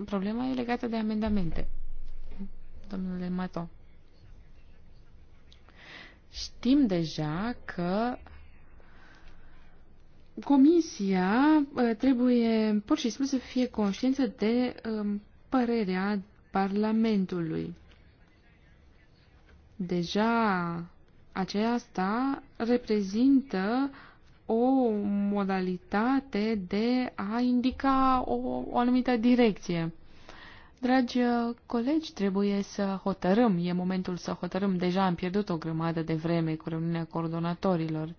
problema e legată de amendamente domnule Mato. Știm deja că comisia uh, trebuie pur și simplu să fie conștientă de um, părerea Parlamentului. Deja aceasta reprezintă o modalitate de a indica o, o anumită direcție. Dragi uh, colegi, trebuie să hotărâm, e momentul să hotărâm. Deja am pierdut o grămadă de vreme cu reuniunea coordonatorilor.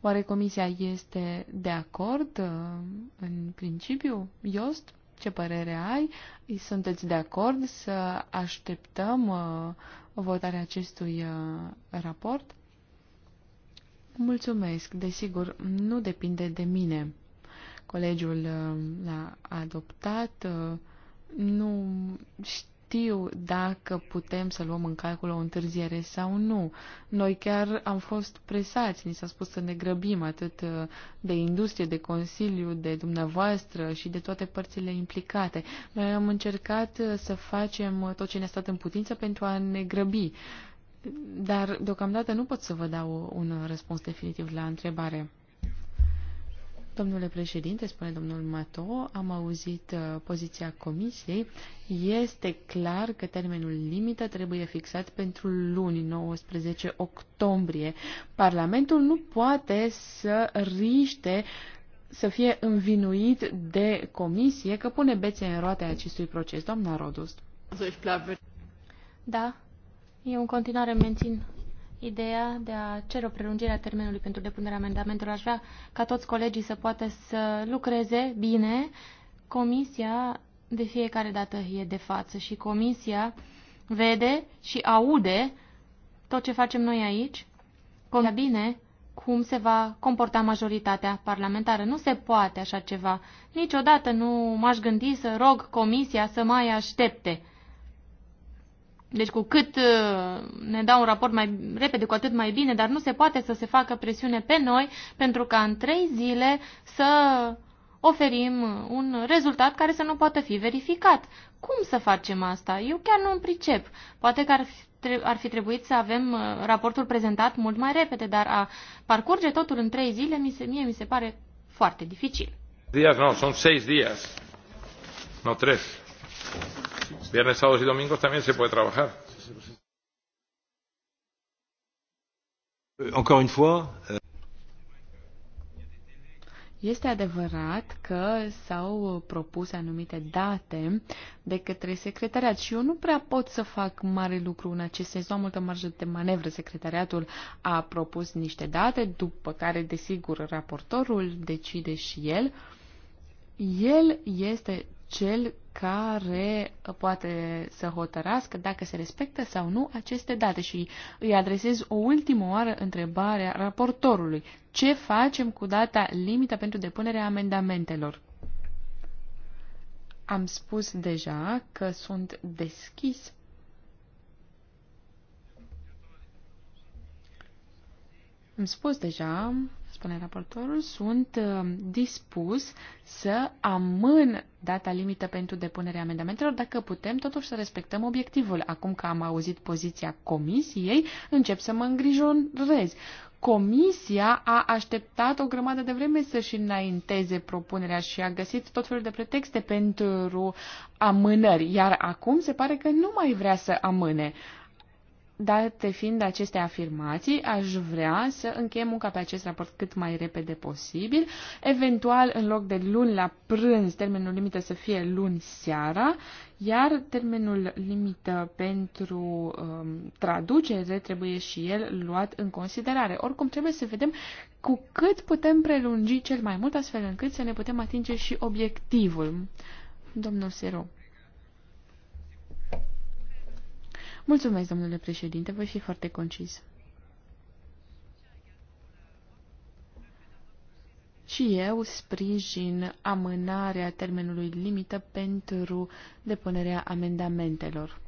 Oare comisia este de acord uh, în principiu? Iost, ce părere ai? Sunteți de acord să așteptăm uh, votarea acestui raport? Mulțumesc, desigur, nu depinde de mine. Colegiul l-a adoptat uh, nu știu dacă putem să luăm în calcul o întârziere sau nu. Noi chiar am fost presați, ni s-a spus să ne grăbim atât uh, de industrie, de Consiliu, de dumneavoastră și de toate părțile implicate. Noi am încercat uh, să facem uh, tot ce ne-a stat în putință pentru a ne grăbi. Dar deocamdată nu pot să vă dau un răspuns definitiv la întrebare. Domnule președinte, spune domnul Mato, am auzit uh, poziția comisiei. Este clar că termenul limită trebuie fixat pentru luni 19 octombrie. Parlamentul nu poate să riște să fie învinuit de comisie că pune bețe în roate acestui proces. Doamna Rodust. Da, eu în continuare mențin ideea de a cere o prelungire a termenului pentru depunerea amendamentelor. Aș vrea ca toți colegii să poată să lucreze bine. Comisia de fiecare dată e de față și comisia vede și aude tot ce facem noi aici. Comisia bine cum se va comporta majoritatea parlamentară. Nu se poate așa ceva. Niciodată nu m-aș gândi să rog comisia să mai aștepte. Deci cu cât uh, ne dau un raport mai repede, cu atât mai bine, dar nu se poate să se facă presiune pe noi pentru ca în trei zile să oferim un rezultat care să nu poată fi verificat. Cum să facem asta? Eu chiar nu îmi pricep. Poate că ar fi, ar fi trebuit să avem uh, raportul prezentat mult mai repede, dar a parcurge totul în trei zile, mi se, mie mi se pare foarte dificil. Días, no, son seis días, no tres. Viernes, sábados y domingos también se puede trabajar. Euh, encore une fois. Euh, este adevărat că s-au propus anumite date de către secretariat și eu nu prea pot să fac mare lucru în acest sens. am multă marjă de manevră. Secretariatul a propus niște date, după care, desigur, raportorul decide și el. El este cel care poate să hotărască dacă se respectă sau nu aceste date și îi adresez o ultimă oară întrebarea raportorului. Ce facem cu data limită pentru depunerea amendamentelor? Am spus deja că sunt deschis Am spus deja spune raportorul, sunt uh, dispus să amân data limită pentru depunerea amendamentelor, dacă putem totuși să respectăm obiectivul. Acum că am auzit poziția comisiei, încep să mă îngrijorez. Comisia a așteptat o grămadă de vreme să-și înainteze propunerea și a găsit tot felul de pretexte pentru amânări, iar acum se pare că nu mai vrea să amâne. Uh, Date fiind aceste afirmații, aș vrea să încheiem munca pe acest raport cât mai repede posibil, eventual în loc de luni la prânz, termenul limită să fie luni seara, iar termenul limită pentru um, traducere trebuie și el luat în considerare. Oricum trebuie să vedem cu cât putem prelungi cel mai mult astfel încât să ne putem atinge și obiectivul. Domnul Seru. Mulțumesc, domnule președinte, voi fi foarte concis. Și eu sprijin amânarea termenului limită pentru depunerea amendamentelor.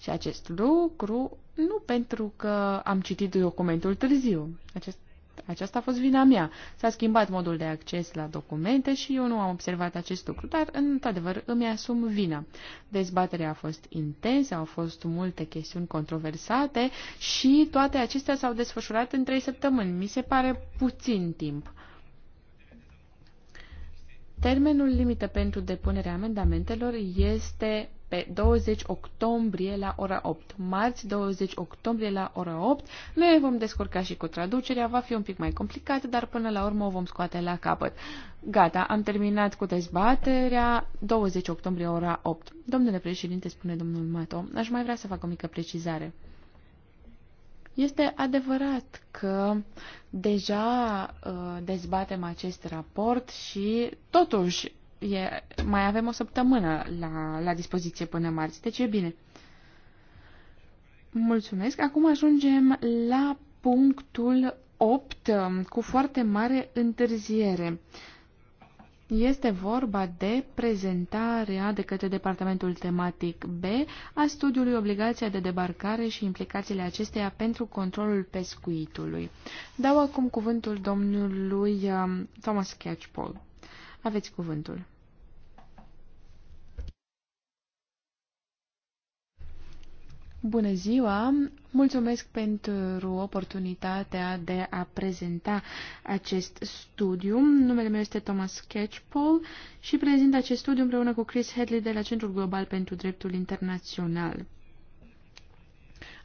Și acest lucru nu pentru că am citit documentul târziu. Acest aceasta a fost vina mea. S-a schimbat modul de acces la documente și eu nu am observat acest lucru, dar, într-adevăr, îmi asum vina. Dezbaterea a fost intensă, au fost multe chestiuni controversate și toate acestea s-au desfășurat în trei săptămâni. Mi se pare puțin timp. Termenul limită pentru depunerea amendamentelor este pe 20 octombrie la ora 8. Marți, 20 octombrie la ora 8. Noi ne vom descurca și cu traducerea, va fi un pic mai complicat, dar până la urmă o vom scoate la capăt. Gata, am terminat cu dezbaterea, 20 octombrie ora 8. Domnule președinte, spune domnul Mato, aș mai vrea să fac o mică precizare. Este adevărat că deja uh, dezbatem acest raport și totuși E, mai avem o săptămână la, la dispoziție până marți, deci e bine. Mulțumesc. Acum ajungem la punctul 8 um, cu foarte mare întârziere. Este vorba de prezentarea de către departamentul tematic B a studiului obligația de debarcare și implicațiile acesteia pentru controlul pescuitului. Dau acum cuvântul domnului um, Thomas Catchpole. Aveți cuvântul. Bună ziua! Mulțumesc pentru oportunitatea de a prezenta acest studiu. Numele meu este Thomas Catchpole și prezint acest studiu împreună cu Chris Headley de la Centrul Global pentru Dreptul Internațional.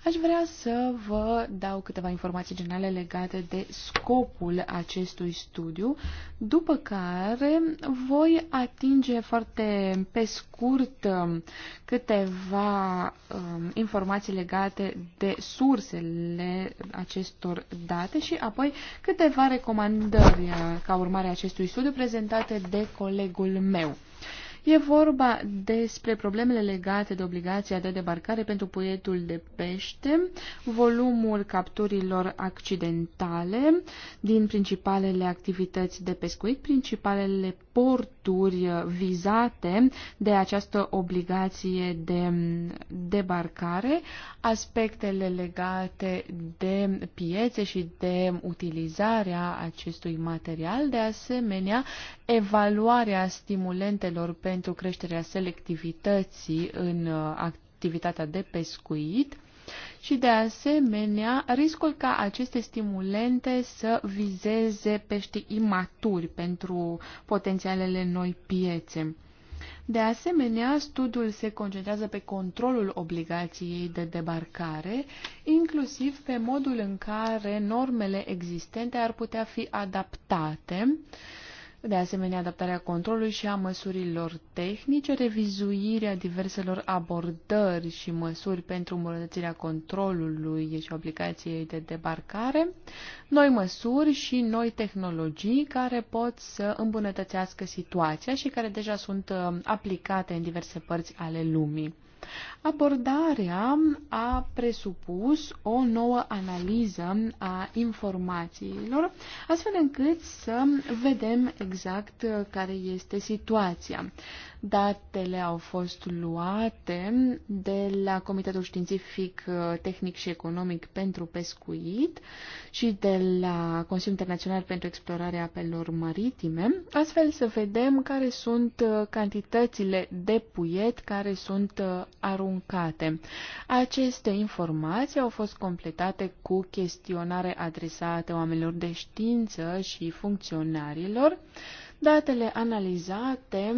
Aș vrea să vă dau câteva informații generale legate de scopul acestui studiu, după care voi atinge foarte pe scurt um, câteva um, informații legate de sursele acestor date și apoi câteva recomandări uh, ca urmare a acestui studiu prezentate de colegul meu. E vorba despre problemele legate de obligația de debarcare pentru puietul de pește, volumul capturilor accidentale din principalele activități de pescuit, principalele porturi vizate de această obligație de debarcare, aspectele legate de piețe și de utilizarea acestui material, de asemenea evaluarea stimulentelor pe pentru creșterea selectivității în uh, activitatea de pescuit și, de asemenea, riscul ca aceste stimulente să vizeze pești imaturi pentru potențialele noi piețe. De asemenea, studiul se concentrează pe controlul obligației de debarcare, inclusiv pe modul în care normele existente ar putea fi adaptate uh, de asemenea adaptarea controlului și a măsurilor tehnice, revizuirea diverselor abordări și măsuri pentru îmbunătățirea controlului și obligației de debarcare, noi măsuri și noi tehnologii care pot să îmbunătățească situația și care deja sunt uh, aplicate în diverse părți ale lumii. Abordarea a presupus o nouă analiză a informațiilor, astfel încât să vedem exact care este situația. Datele au fost luate de la Comitetul Științific, uh, Tehnic și Economic pentru Pescuit și de la Consiliul Internațional pentru Explorarea Apelor Maritime. Astfel să vedem care sunt uh, cantitățile de puiet care sunt uh, aruncate. Aceste informații au fost completate cu chestionare adresate oamenilor de știință și funcționarilor. Datele analizate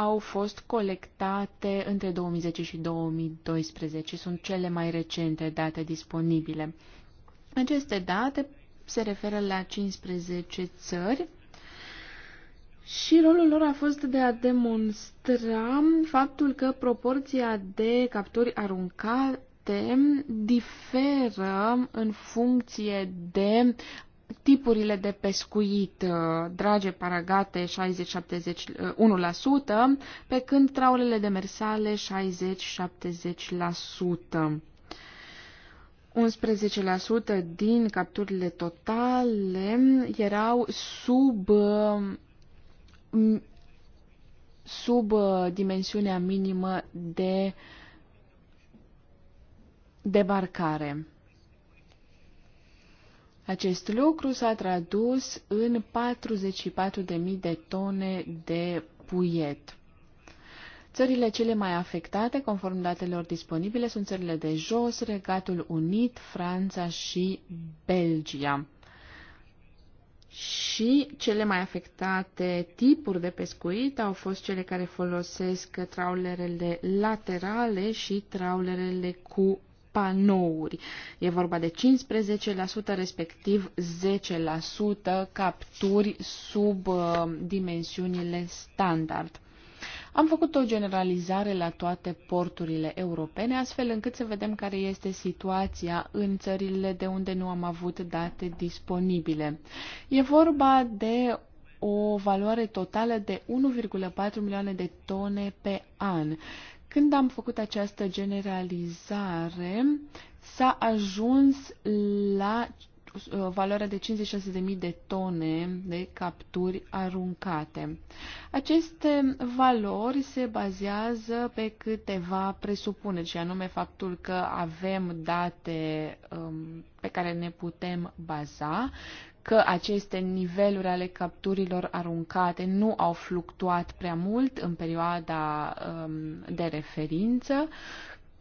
au fost colectate între 2010 și 2012. Sunt cele mai recente date disponibile. Aceste date se referă la 15 țări și rolul lor a fost de a demonstra faptul că proporția de capturi aruncate diferă în funcție de tipurile de pescuit, uh, drage paragate 60-71%, uh, pe când traulele de mersale 60-70%. 11% din capturile totale erau sub uh, sub dimensiunea minimă de debarcare. Acest lucru s-a tradus în 44.000 de tone de puiet. Țările cele mai afectate, conform datelor disponibile, sunt țările de jos, Regatul Unit, Franța și Belgia. Și cele mai afectate tipuri de pescuit au fost cele care folosesc traulerele laterale și traulerele cu panouri. E vorba de 15%, respectiv 10% capturi sub uh, dimensiunile standard. Am făcut o generalizare la toate porturile europene, astfel încât să vedem care este situația în țările de unde nu am avut date disponibile. E vorba de o valoare totală de 1,4 milioane de tone pe an, când am făcut această generalizare, s-a ajuns la uh, valoarea de 56.000 de tone de capturi aruncate. Aceste valori se bazează pe câteva presupuneri, și anume faptul că avem date um, pe care ne putem baza că aceste niveluri ale capturilor aruncate nu au fluctuat prea mult în perioada um, de referință,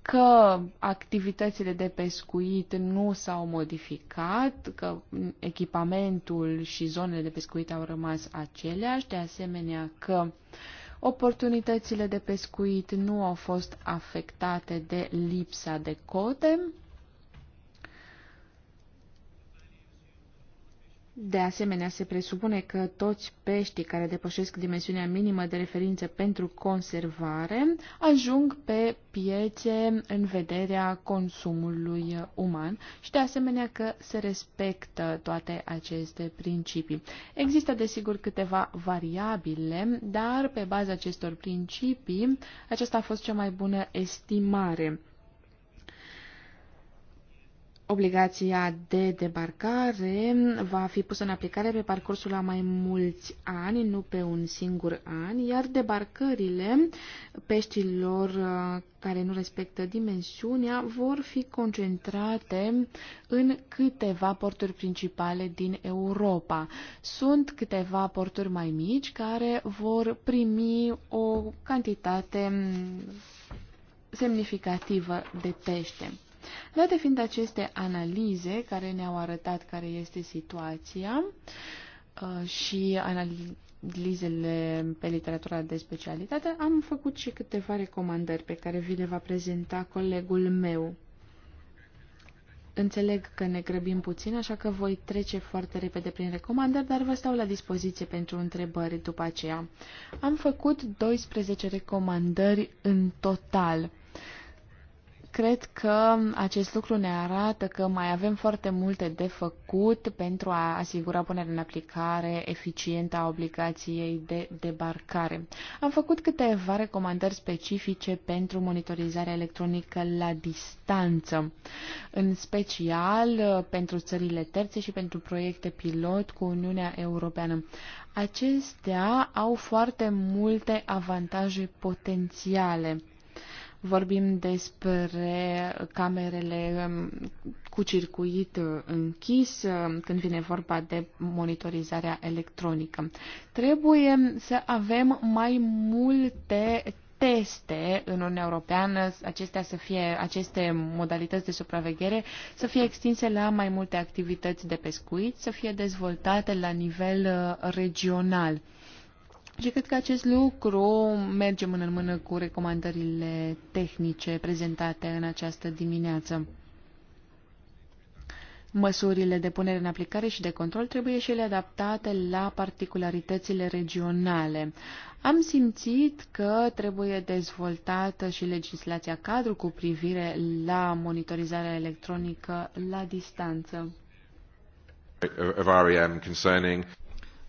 că activitățile de pescuit nu s-au modificat, că echipamentul și zonele de pescuit au rămas aceleași, de asemenea că oportunitățile de pescuit nu au fost afectate de lipsa de cote De asemenea, se presupune că toți peștii care depășesc dimensiunea minimă de referință pentru conservare ajung pe piețe în vederea consumului uman și de asemenea că se respectă toate aceste principii. Există desigur câteva variabile, dar pe baza acestor principii aceasta a fost cea mai bună estimare. Obligația de debarcare va fi pusă în aplicare pe parcursul a mai mulți ani, nu pe un singur an, iar debarcările peștilor uh, care nu respectă dimensiunea vor fi concentrate în câteva porturi principale din Europa. Sunt câteva porturi mai mici care vor primi o cantitate semnificativă de pește. Date fiind aceste analize care ne-au arătat care este situația uh, și analizele pe literatura de specialitate, am făcut și câteva recomandări pe care vi le va prezenta colegul meu. Înțeleg că ne grăbim puțin, așa că voi trece foarte repede prin recomandări, dar vă stau la dispoziție pentru întrebări după aceea. Am făcut 12 recomandări în total. Cred că acest lucru ne arată că mai avem foarte multe de făcut pentru a asigura punerea în aplicare eficientă a obligației de debarcare. Am făcut câteva recomandări specifice pentru monitorizarea electronică la distanță, în special uh, pentru țările terțe și pentru proiecte pilot cu Uniunea Europeană. Acestea au foarte multe avantaje potențiale Vorbim despre camerele um, cu circuit uh, închis uh, când vine vorba de monitorizarea electronică. Trebuie să avem mai multe teste în Uniunea Europeană, acestea să fie, aceste modalități de supraveghere să fie extinse la mai multe activități de pescuit, să fie dezvoltate la nivel uh, regional. Și deci, cred că acest lucru merge mână în mână cu recomandările tehnice prezentate în această dimineață. Măsurile de punere în aplicare și de control trebuie și ele adaptate la particularitățile regionale. Am simțit că trebuie dezvoltată și legislația cadru cu privire la monitorizarea electronică la distanță.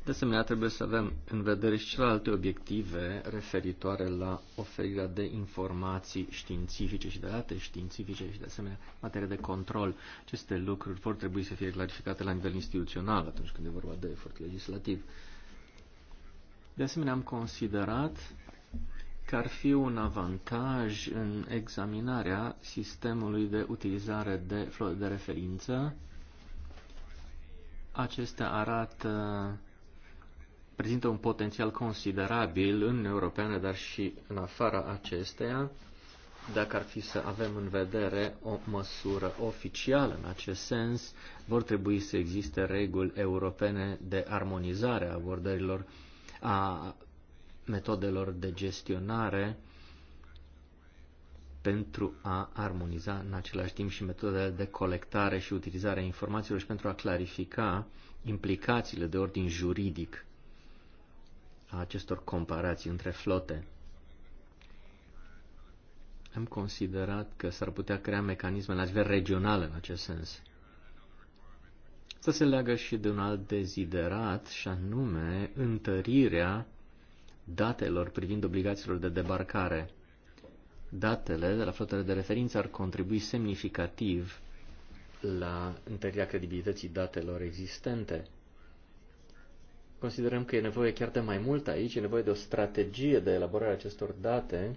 De asemenea, trebuie să avem în vedere și celelalte obiective referitoare la oferirea de informații științifice și de date științifice și, de asemenea, materie de control. Aceste lucruri vor trebui să fie clarificate la nivel instituțional atunci când e vorba de efort legislativ. De asemenea, am considerat că ar fi un avantaj în examinarea sistemului de utilizare de flori de referință. Acestea arată prezintă un potențial considerabil în Europeană, dar și în afara acesteia, dacă ar fi să avem în vedere o măsură oficială în acest sens, vor trebui să existe reguli europene de armonizare a abordărilor, a metodelor de gestionare pentru a armoniza în același timp și metodele de colectare și utilizare a informațiilor și pentru a clarifica implicațiile de ordin juridic a acestor comparații între flote. Am considerat că s-ar putea crea mecanisme la nivel regional în acest sens. Să se leagă și de un alt deziderat, și anume întărirea datelor privind obligațiilor de debarcare. Datele de la flotele de referință ar contribui semnificativ la întărirea credibilității datelor existente. Considerăm că e nevoie chiar de mai mult aici, e nevoie de o strategie de elaborare a acestor date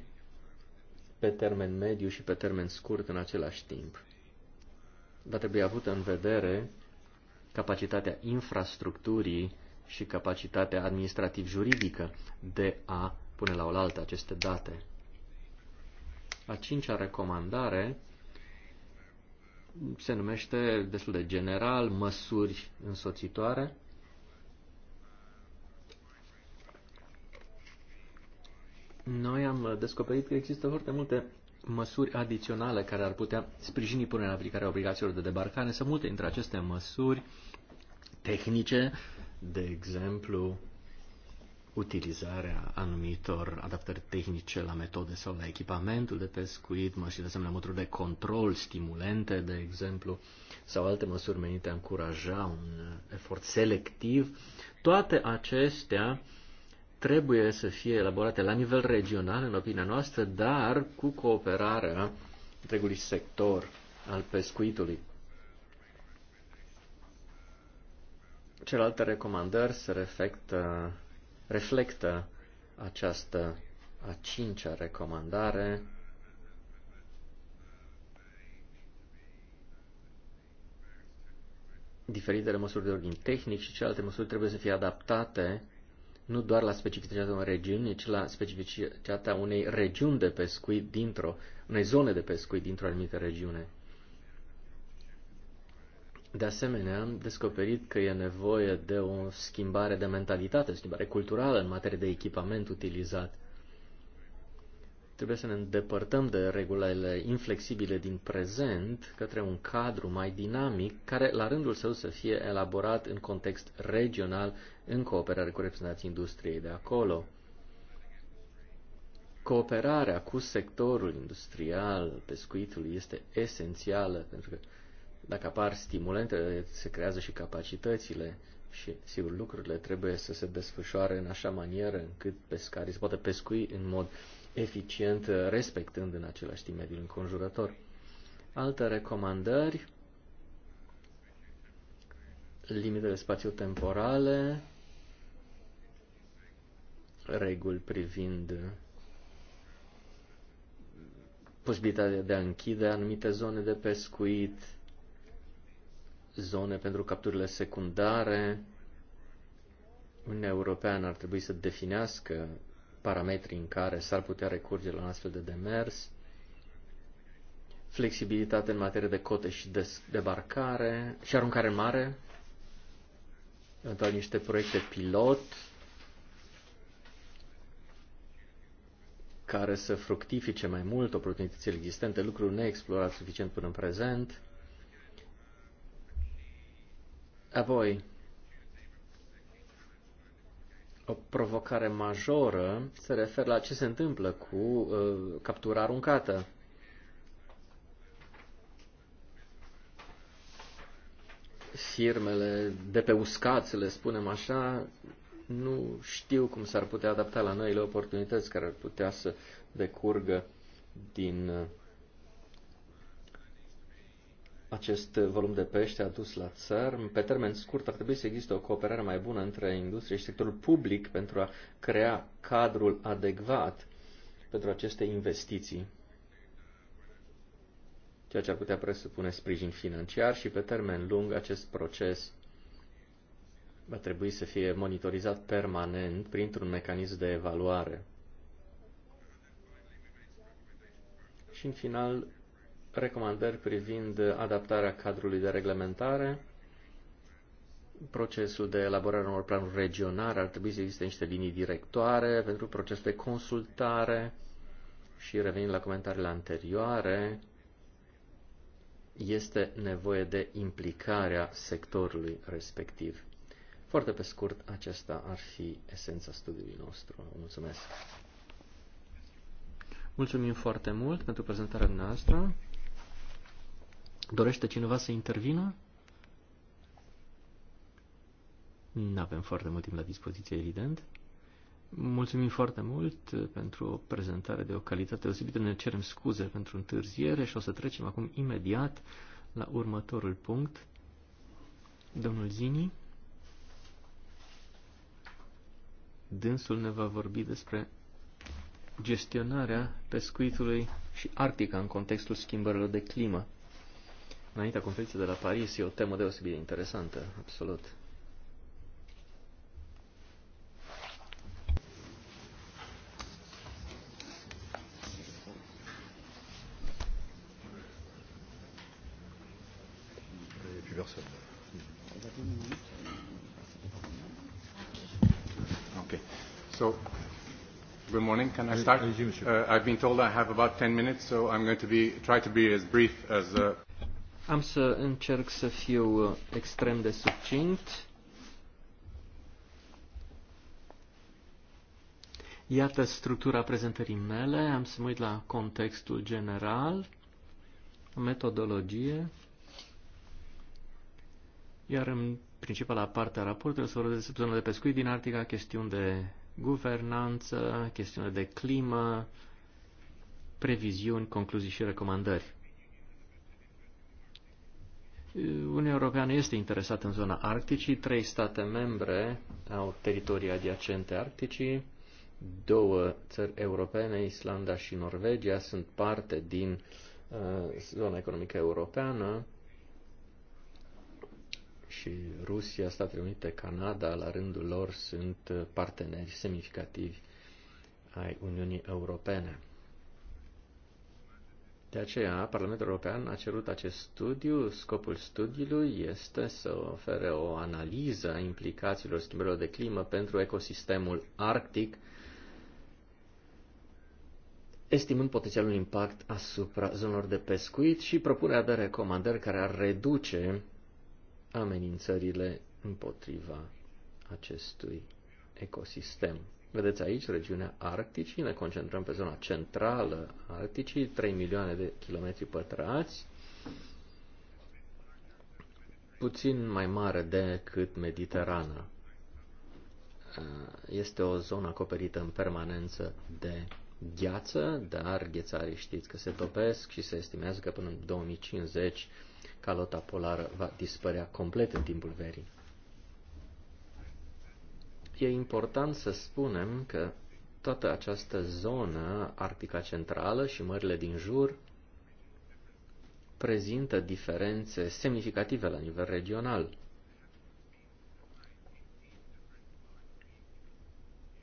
pe termen mediu și pe termen scurt în același timp. Va trebui avută în vedere capacitatea infrastructurii și capacitatea administrativ-juridică de a pune la oaltă aceste date. A cincea recomandare se numește destul de general măsuri însoțitoare. Noi am uh, descoperit că există foarte multe măsuri adiționale care ar putea sprijini punerea în aplicare a obligațiilor de debarcare. Sunt multe dintre aceste măsuri tehnice, de exemplu, utilizarea anumitor adaptări tehnice la metode sau la echipamentul de pescuit, mă și de asemenea măsuri de control stimulente, de exemplu, sau alte măsuri menite a încuraja un uh, efort selectiv. Toate acestea trebuie să fie elaborate la nivel regional, în opinia noastră, dar cu cooperarea întregului sector al pescuitului. Celelalte recomandări se reflectă, reflectă această a cincea recomandare diferitele măsuri de ordin tehnic și celelalte măsuri trebuie să fie adaptate nu doar la specificitatea unei regiuni, ci la specificitatea unei regiuni de pescuit dintr-o, unei zone de pescuit dintr-o anumită regiune. De asemenea, am descoperit că e nevoie de o schimbare de mentalitate, schimbare culturală în materie de echipament utilizat. Trebuie să ne îndepărtăm de regulile inflexibile din prezent către un cadru mai dinamic, care la rândul său să fie elaborat în context regional, în cooperare cu reprezentanții industriei de acolo. Cooperarea cu sectorul industrial pescuitului este esențială, pentru că dacă apar stimulente, se creează și capacitățile și, sigur, lucrurile trebuie să se desfășoare în așa manieră încât pescarii să poată pescui în mod eficient, uh, respectând în același timp mediul înconjurător. Alte recomandări, limitele spațiu-temporale, reguli privind posibilitatea de a închide anumite zone de pescuit, zone pentru capturile secundare. Uniunea Europeană ar trebui să definească parametri în care s-ar putea recurge la un astfel de demers, flexibilitate în materie de cote și de debarcare și aruncare mare, eventual niște proiecte pilot care să fructifice mai mult oportunitățile existente, lucruri neexplorat suficient până în prezent. Apoi, o provocare majoră se referă la ce se întâmplă cu uh, captura aruncată. Firmele de pe uscat, să le spunem așa, nu știu cum s-ar putea adapta la noile oportunități care ar putea să decurgă din uh, acest volum de pește adus la țări. Pe termen scurt ar trebui să existe o cooperare mai bună între industrie și sectorul public pentru a crea cadrul adecvat pentru aceste investiții, ceea ce ar putea presupune sprijin financiar și pe termen lung acest proces va trebui să fie monitorizat permanent printr-un mecanism de evaluare. Și în final, recomandări privind adaptarea cadrului de reglementare, procesul de elaborare a unor planuri regionale, ar trebui să existe niște linii directoare pentru procesul de consultare și revenind la comentariile anterioare, este nevoie de implicarea sectorului respectiv. Foarte pe scurt, acesta ar fi esența studiului nostru. Mulțumesc! Mulțumim foarte mult pentru prezentarea noastră. Dorește cineva să intervină? Nu avem foarte mult timp la dispoziție, evident. Mulțumim foarte mult uh, pentru o prezentare de o calitate deosebită. Ne cerem scuze pentru întârziere și o să trecem acum imediat la următorul punct. Domnul Zini. Dânsul ne va vorbi despre gestionarea pescuitului și Arctica în contextul schimbărilor de climă înaintea conferinței de la Paris e o temă deosebit de interesantă, absolut. can I start? Uh, I've been told I have about 10 minutes, so I'm going to be, try to be as brief as... Uh... Am să încerc să fiu uh, extrem de succint. Iată structura prezentării mele. Am să mă uit la contextul general, metodologie, iar în principala parte a raportului să vorbesc despre zona de pescuit din Arctica, chestiuni de guvernanță, chestiune de climă, previziuni, concluzii și recomandări. Uniunea Europeană este interesată în zona Arcticii. Trei state membre au teritorii adiacente Arcticii. Două țări europene, Islanda și Norvegia, sunt parte din uh, zona economică europeană și Rusia, Statele Unite, Canada, la rândul lor, sunt uh, parteneri semnificativi ai Uniunii Europene. De aceea, Parlamentul European a cerut acest studiu. Scopul studiului este să ofere o analiză a implicațiilor schimbărilor de climă pentru ecosistemul arctic, estimând potențialul impact asupra zonelor de pescuit și propunerea de recomandări care ar reduce amenințările împotriva acestui ecosistem. Vedeți aici regiunea Arcticii, ne concentrăm pe zona centrală a Arcticii, 3 milioane de kilometri pătrați, puțin mai mare decât Mediterana. Este o zonă acoperită în permanență de gheață, dar ghețarii știți că se topesc și se estimează că până în 2050 calota polară va dispărea complet în timpul verii e important să spunem că toată această zonă, Arctica Centrală și mările din jur, prezintă diferențe semnificative la nivel regional.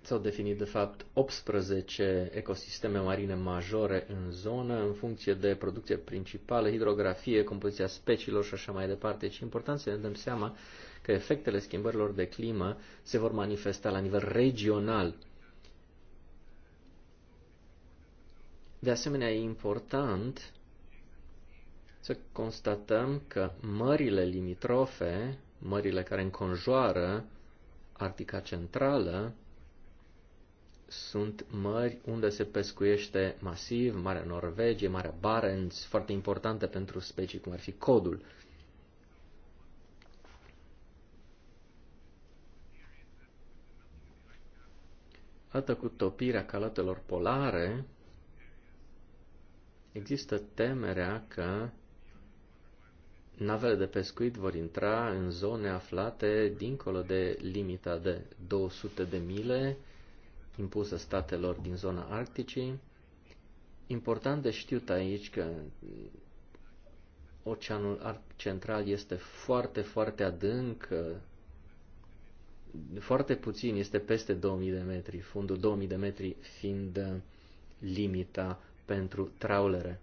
S-au definit, de fapt, 18 ecosisteme marine majore în zonă, în funcție de producție principală, hidrografie, compoziția speciilor și așa mai departe. Și e important să ne dăm seama că efectele schimbărilor de climă se vor manifesta la nivel regional. De asemenea, e important să constatăm că mările limitrofe, mările care înconjoară Arctica Centrală, sunt mări unde se pescuiește masiv, Marea Norvegie, Marea Barents, foarte importante pentru specii cum ar fi codul. Odată cu topirea calatelor polare, există temerea că navele de pescuit vor intra în zone aflate dincolo de limita de 200 de mile impusă statelor din zona Arcticii. Important de știut aici că Oceanul Arctic Central este foarte, foarte adânc, foarte puțin, este peste 2000 de metri, fundul 2000 de metri fiind uh, limita pentru traulere.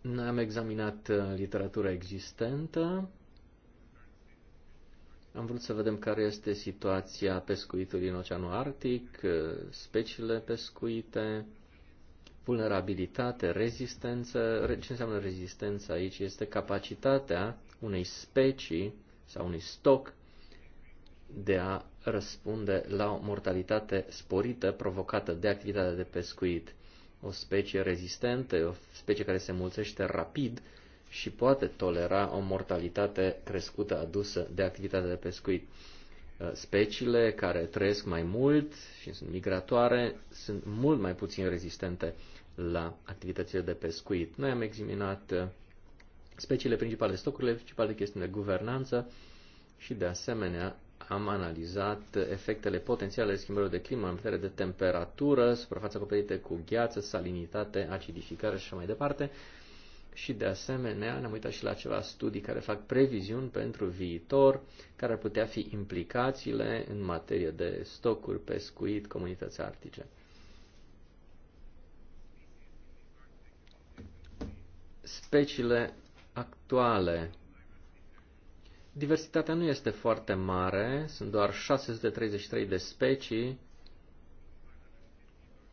Noi am examinat uh, literatura existentă, am vrut să vedem care este situația pescuitului în Oceanul Arctic, uh, speciile pescuite, vulnerabilitate, rezistență. Ce înseamnă rezistență aici? Este capacitatea unei specii sau unui stoc de a răspunde la o mortalitate sporită provocată de activitatea de pescuit. O specie rezistentă, o specie care se mulțește rapid și poate tolera o mortalitate crescută adusă de activitatea de pescuit. Uh, speciile care trăiesc mai mult și sunt migratoare sunt mult mai puțin rezistente la activitățile de pescuit. Noi am examinat uh, speciile principale, stocurile principale, chestiuni de guvernanță și, de asemenea, am analizat efectele potențiale schimbărilor de climă în materie de temperatură, suprafața acoperită cu gheață, salinitate, acidificare și așa mai departe. Și de asemenea ne-am uitat și la ceva studii care fac previziuni pentru viitor, care ar putea fi implicațiile în materie de stocuri, pescuit, comunități arctice. Speciile actuale. Diversitatea nu este foarte mare, sunt doar 633 de specii,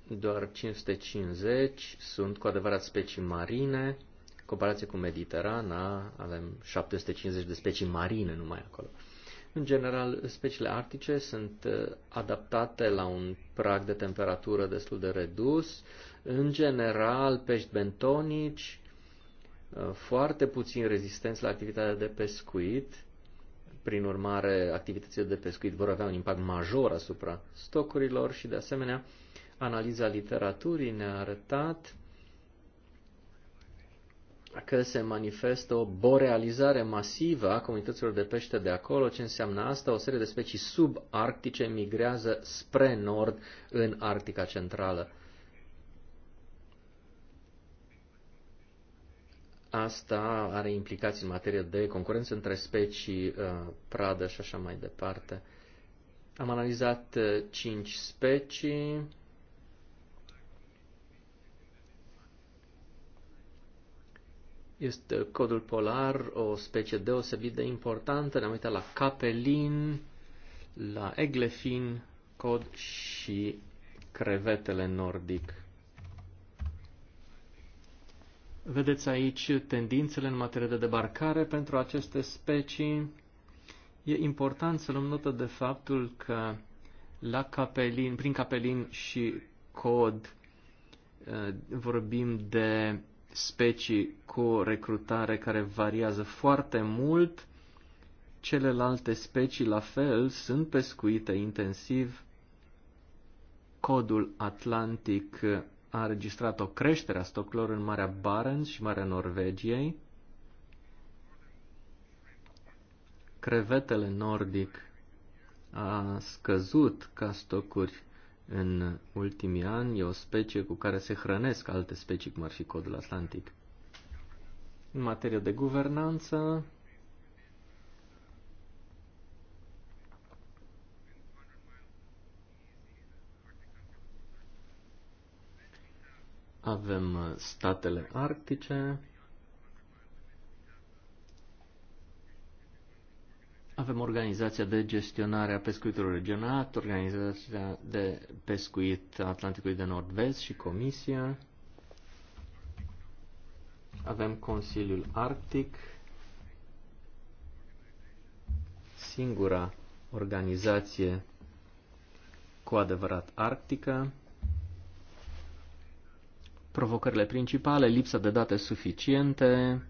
doar 550 sunt cu adevărat specii marine, în comparație cu Mediterana avem 750 de specii marine numai acolo. În general, speciile arctice sunt uh, adaptate la un prag de temperatură destul de redus. În general, pești bentonici, Uh, foarte puțin rezistenți la activitatea de pescuit, prin urmare activitățile de pescuit vor avea un impact major asupra stocurilor și de asemenea analiza literaturii ne-a arătat că se manifestă o borealizare masivă a comunităților de pește de acolo. Ce înseamnă asta? O serie de specii subarctice migrează spre nord în Arctica Centrală. Asta are implicații în materie de concurență între specii, uh, pradă și așa mai departe. Am analizat 5 uh, specii. Este codul polar, o specie deosebit de importantă. Ne-am uitat la capelin, la eglefin, cod și crevetele nordic. Vedeți aici tendințele în materie de debarcare pentru aceste specii. E important să luăm notă de faptul că la capelin, prin capelin și cod eh, vorbim de specii cu recrutare care variază foarte mult. Celelalte specii la fel sunt pescuite intensiv. Codul atlantic a registrat o creștere a stocurilor în Marea Barents și Marea Norvegiei. Crevetele nordic a scăzut ca stocuri în ultimii ani, e o specie cu care se hrănesc alte specii, cum ar fi codul atlantic. În materie de guvernanță, Avem uh, statele arctice, Avem Organizația de Gestionare a Pescuitului Regionat, Organizația de Pescuit Atlanticului de Nord-Vest și Comisia. Avem Consiliul Arctic, singura organizație cu adevărat arctică provocările principale, lipsa de date suficiente,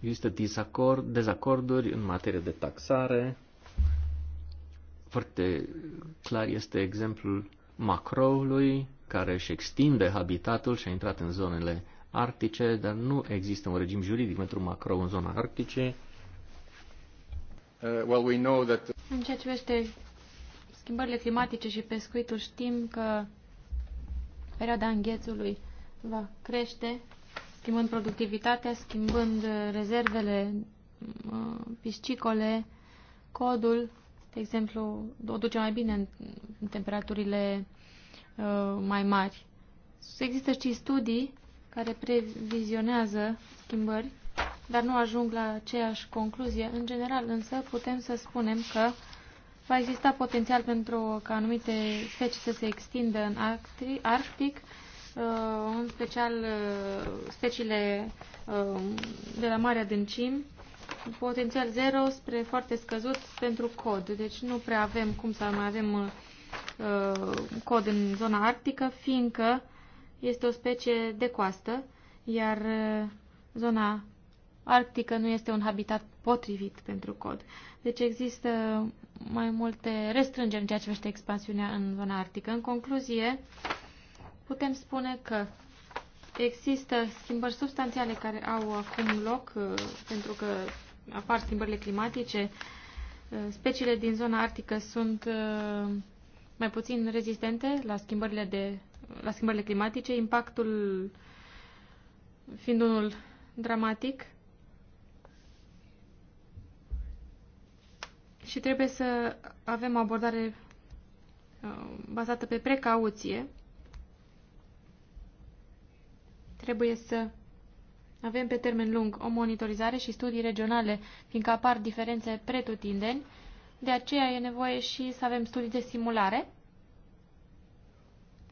există dezacord, dezacorduri în materie de taxare. Foarte clar este exemplul macroului care își extinde habitatul și a intrat în zonele arctice, dar nu există un regim juridic pentru macro în zona arctice. Uh, well, we know that... În ceea ce privește schimbările climatice și pescuitul, știm că perioada înghețului va crește, schimbând productivitatea, schimbând uh, rezervele uh, piscicole, codul, de exemplu, o duce mai bine în temperaturile uh, mai mari. Există și studii care previzionează schimbări, dar nu ajung la aceeași concluzie. În general, însă, putem să spunem că va exista potențial pentru ca anumite specii să se extindă în Arctic Uh, în special uh, speciile uh, de la mare adâncimi, potențial zero spre foarte scăzut pentru cod. Deci nu prea avem cum să mai avem cod în zona arctică, fiindcă este o specie de coastă, iar zona arctică nu este un habitat potrivit pentru cod. Deci există mai multe restrângeri în ceea ce vește expansiunea în zona arctică. În concluzie, putem spune că există schimbări substanțiale care au acum loc uh, pentru că apar schimbările climatice. Uh, speciile din zona arctică sunt uh, mai puțin rezistente la schimbările, de, la schimbările climatice, impactul fiind unul dramatic. Și trebuie să avem o abordare bazată pe precauție Trebuie să avem pe termen lung o monitorizare și studii regionale, fiindcă apar diferențe pretutindeni, de aceea e nevoie și să avem studii de simulare,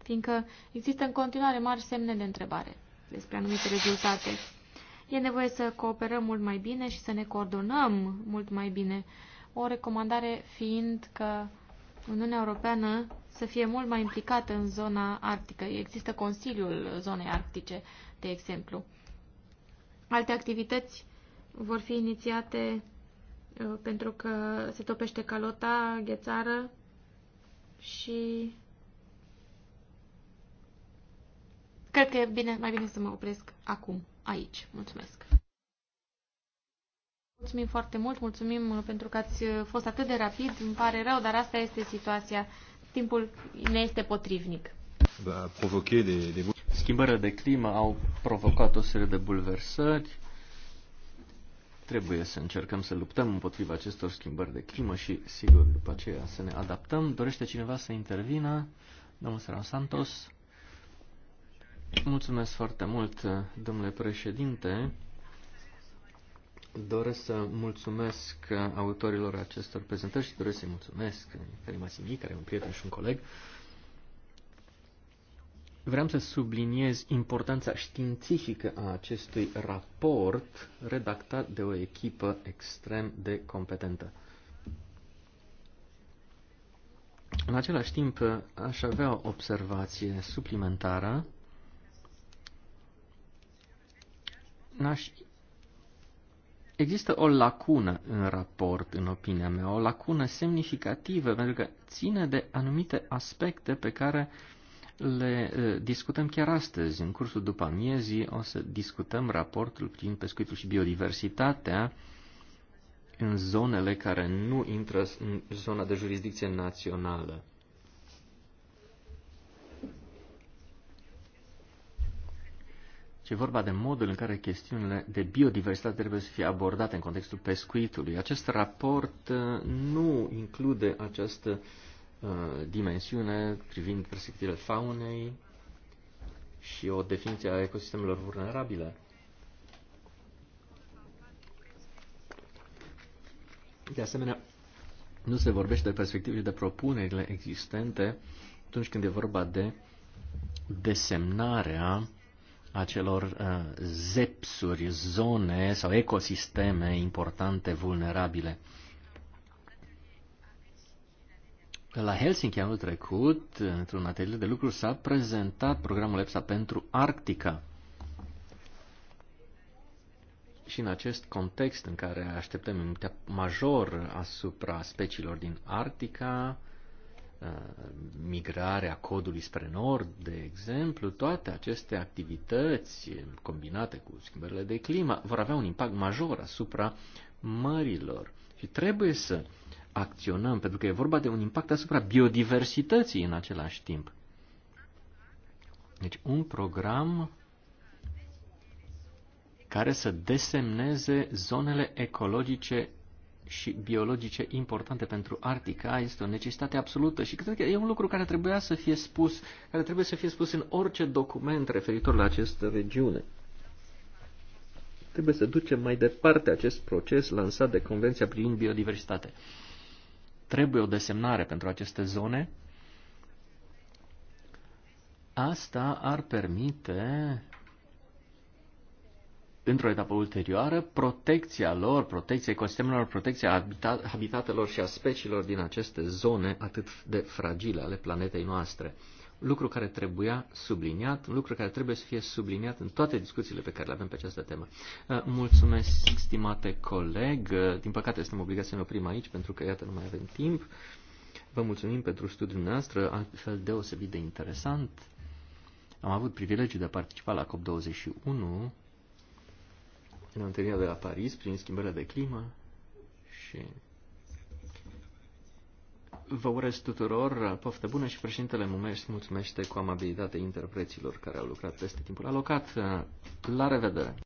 fiindcă există în continuare mari semne de întrebare despre anumite rezultate. E nevoie să cooperăm mult mai bine și să ne coordonăm mult mai bine, o recomandare fiind că Uniunea Europeană să fie mult mai implicată în zona arctică. Există Consiliul Zonei Arctice, de exemplu. Alte activități vor fi inițiate uh, pentru că se topește calota, ghețară și... Cred că e bine, mai bine să mă opresc acum, aici. Mulțumesc! Mulțumim foarte mult, mulțumim pentru că ați fost atât de rapid. Îmi pare rău, dar asta este situația timpul ne este potrivnic. Va de, de... Schimbările de climă au provocat o serie de bulversări. Trebuie să încercăm să luptăm împotriva acestor schimbări de climă și, sigur, după aceea să ne adaptăm. Dorește cineva să intervină? Domnul Seran Santos. Mulțumesc foarte mult, domnule președinte. Doresc să mulțumesc autorilor acestor prezentări și doresc să-i mulțumesc Felima m care e un prieten și un coleg. Vreau să subliniez importanța științifică a acestui raport redactat de o echipă extrem de competentă. În același timp, aș avea o observație suplimentară. N-aș Există o lacună în raport, în opinia mea, o lacună semnificativă, pentru că ține de anumite aspecte pe care le eh, discutăm chiar astăzi. În cursul după amiezii o să discutăm raportul privind pescuitul și biodiversitatea în zonele care nu intră în zona de jurisdicție națională. ci e vorba de modul în care chestiunile de biodiversitate trebuie să fie abordate în contextul pescuitului. Acest raport uh, nu include această uh, dimensiune privind perspectivele faunei și o definiție a ecosistemelor vulnerabile. De asemenea, nu se vorbește de și de propunerile existente atunci când e vorba de desemnarea acelor uh, zepsuri, zone sau ecosisteme importante, vulnerabile. La Helsinki anul trecut, într-un atelier de lucru, s-a prezentat programul EPSA pentru Arctica. Și în acest context în care așteptăm un major asupra speciilor din Arctica, uh, Uh, migrarea codului spre nord, de exemplu, toate aceste activități combinate cu schimbările de climă vor avea un impact major asupra mărilor. Și trebuie să acționăm, pentru că e vorba de un impact asupra biodiversității în același timp. Deci un program care să desemneze zonele ecologice și biologice importante pentru Arctica este o necesitate absolută și cred că e un lucru care trebuia să fie spus, care trebuie să fie spus în orice document referitor la această regiune. Trebuie să ducem mai departe acest proces lansat de Convenția privind biodiversitate. Trebuie o desemnare pentru aceste zone. Asta ar permite într-o etapă ulterioară, protecția lor, protecția ecosistemelor, protecția habitat habitatelor și a speciilor din aceste zone atât de fragile ale planetei noastre. Lucru care trebuia subliniat, lucru care trebuie să fie subliniat în toate discuțiile pe care le avem pe această temă. Uh, mulțumesc, stimate coleg. Uh, din păcate, suntem obligați să ne oprim aici, pentru că, iată, nu mai avem timp. Vă mulțumim pentru studiul noastră, altfel deosebit de interesant. Am avut privilegiul de a participa la COP21 în întâlnirea de la Paris prin schimbările de climă și vă urez tuturor poftă bună și președintele Mumeș mulțumește cu amabilitate interpreților care au lucrat peste timpul alocat. La revedere!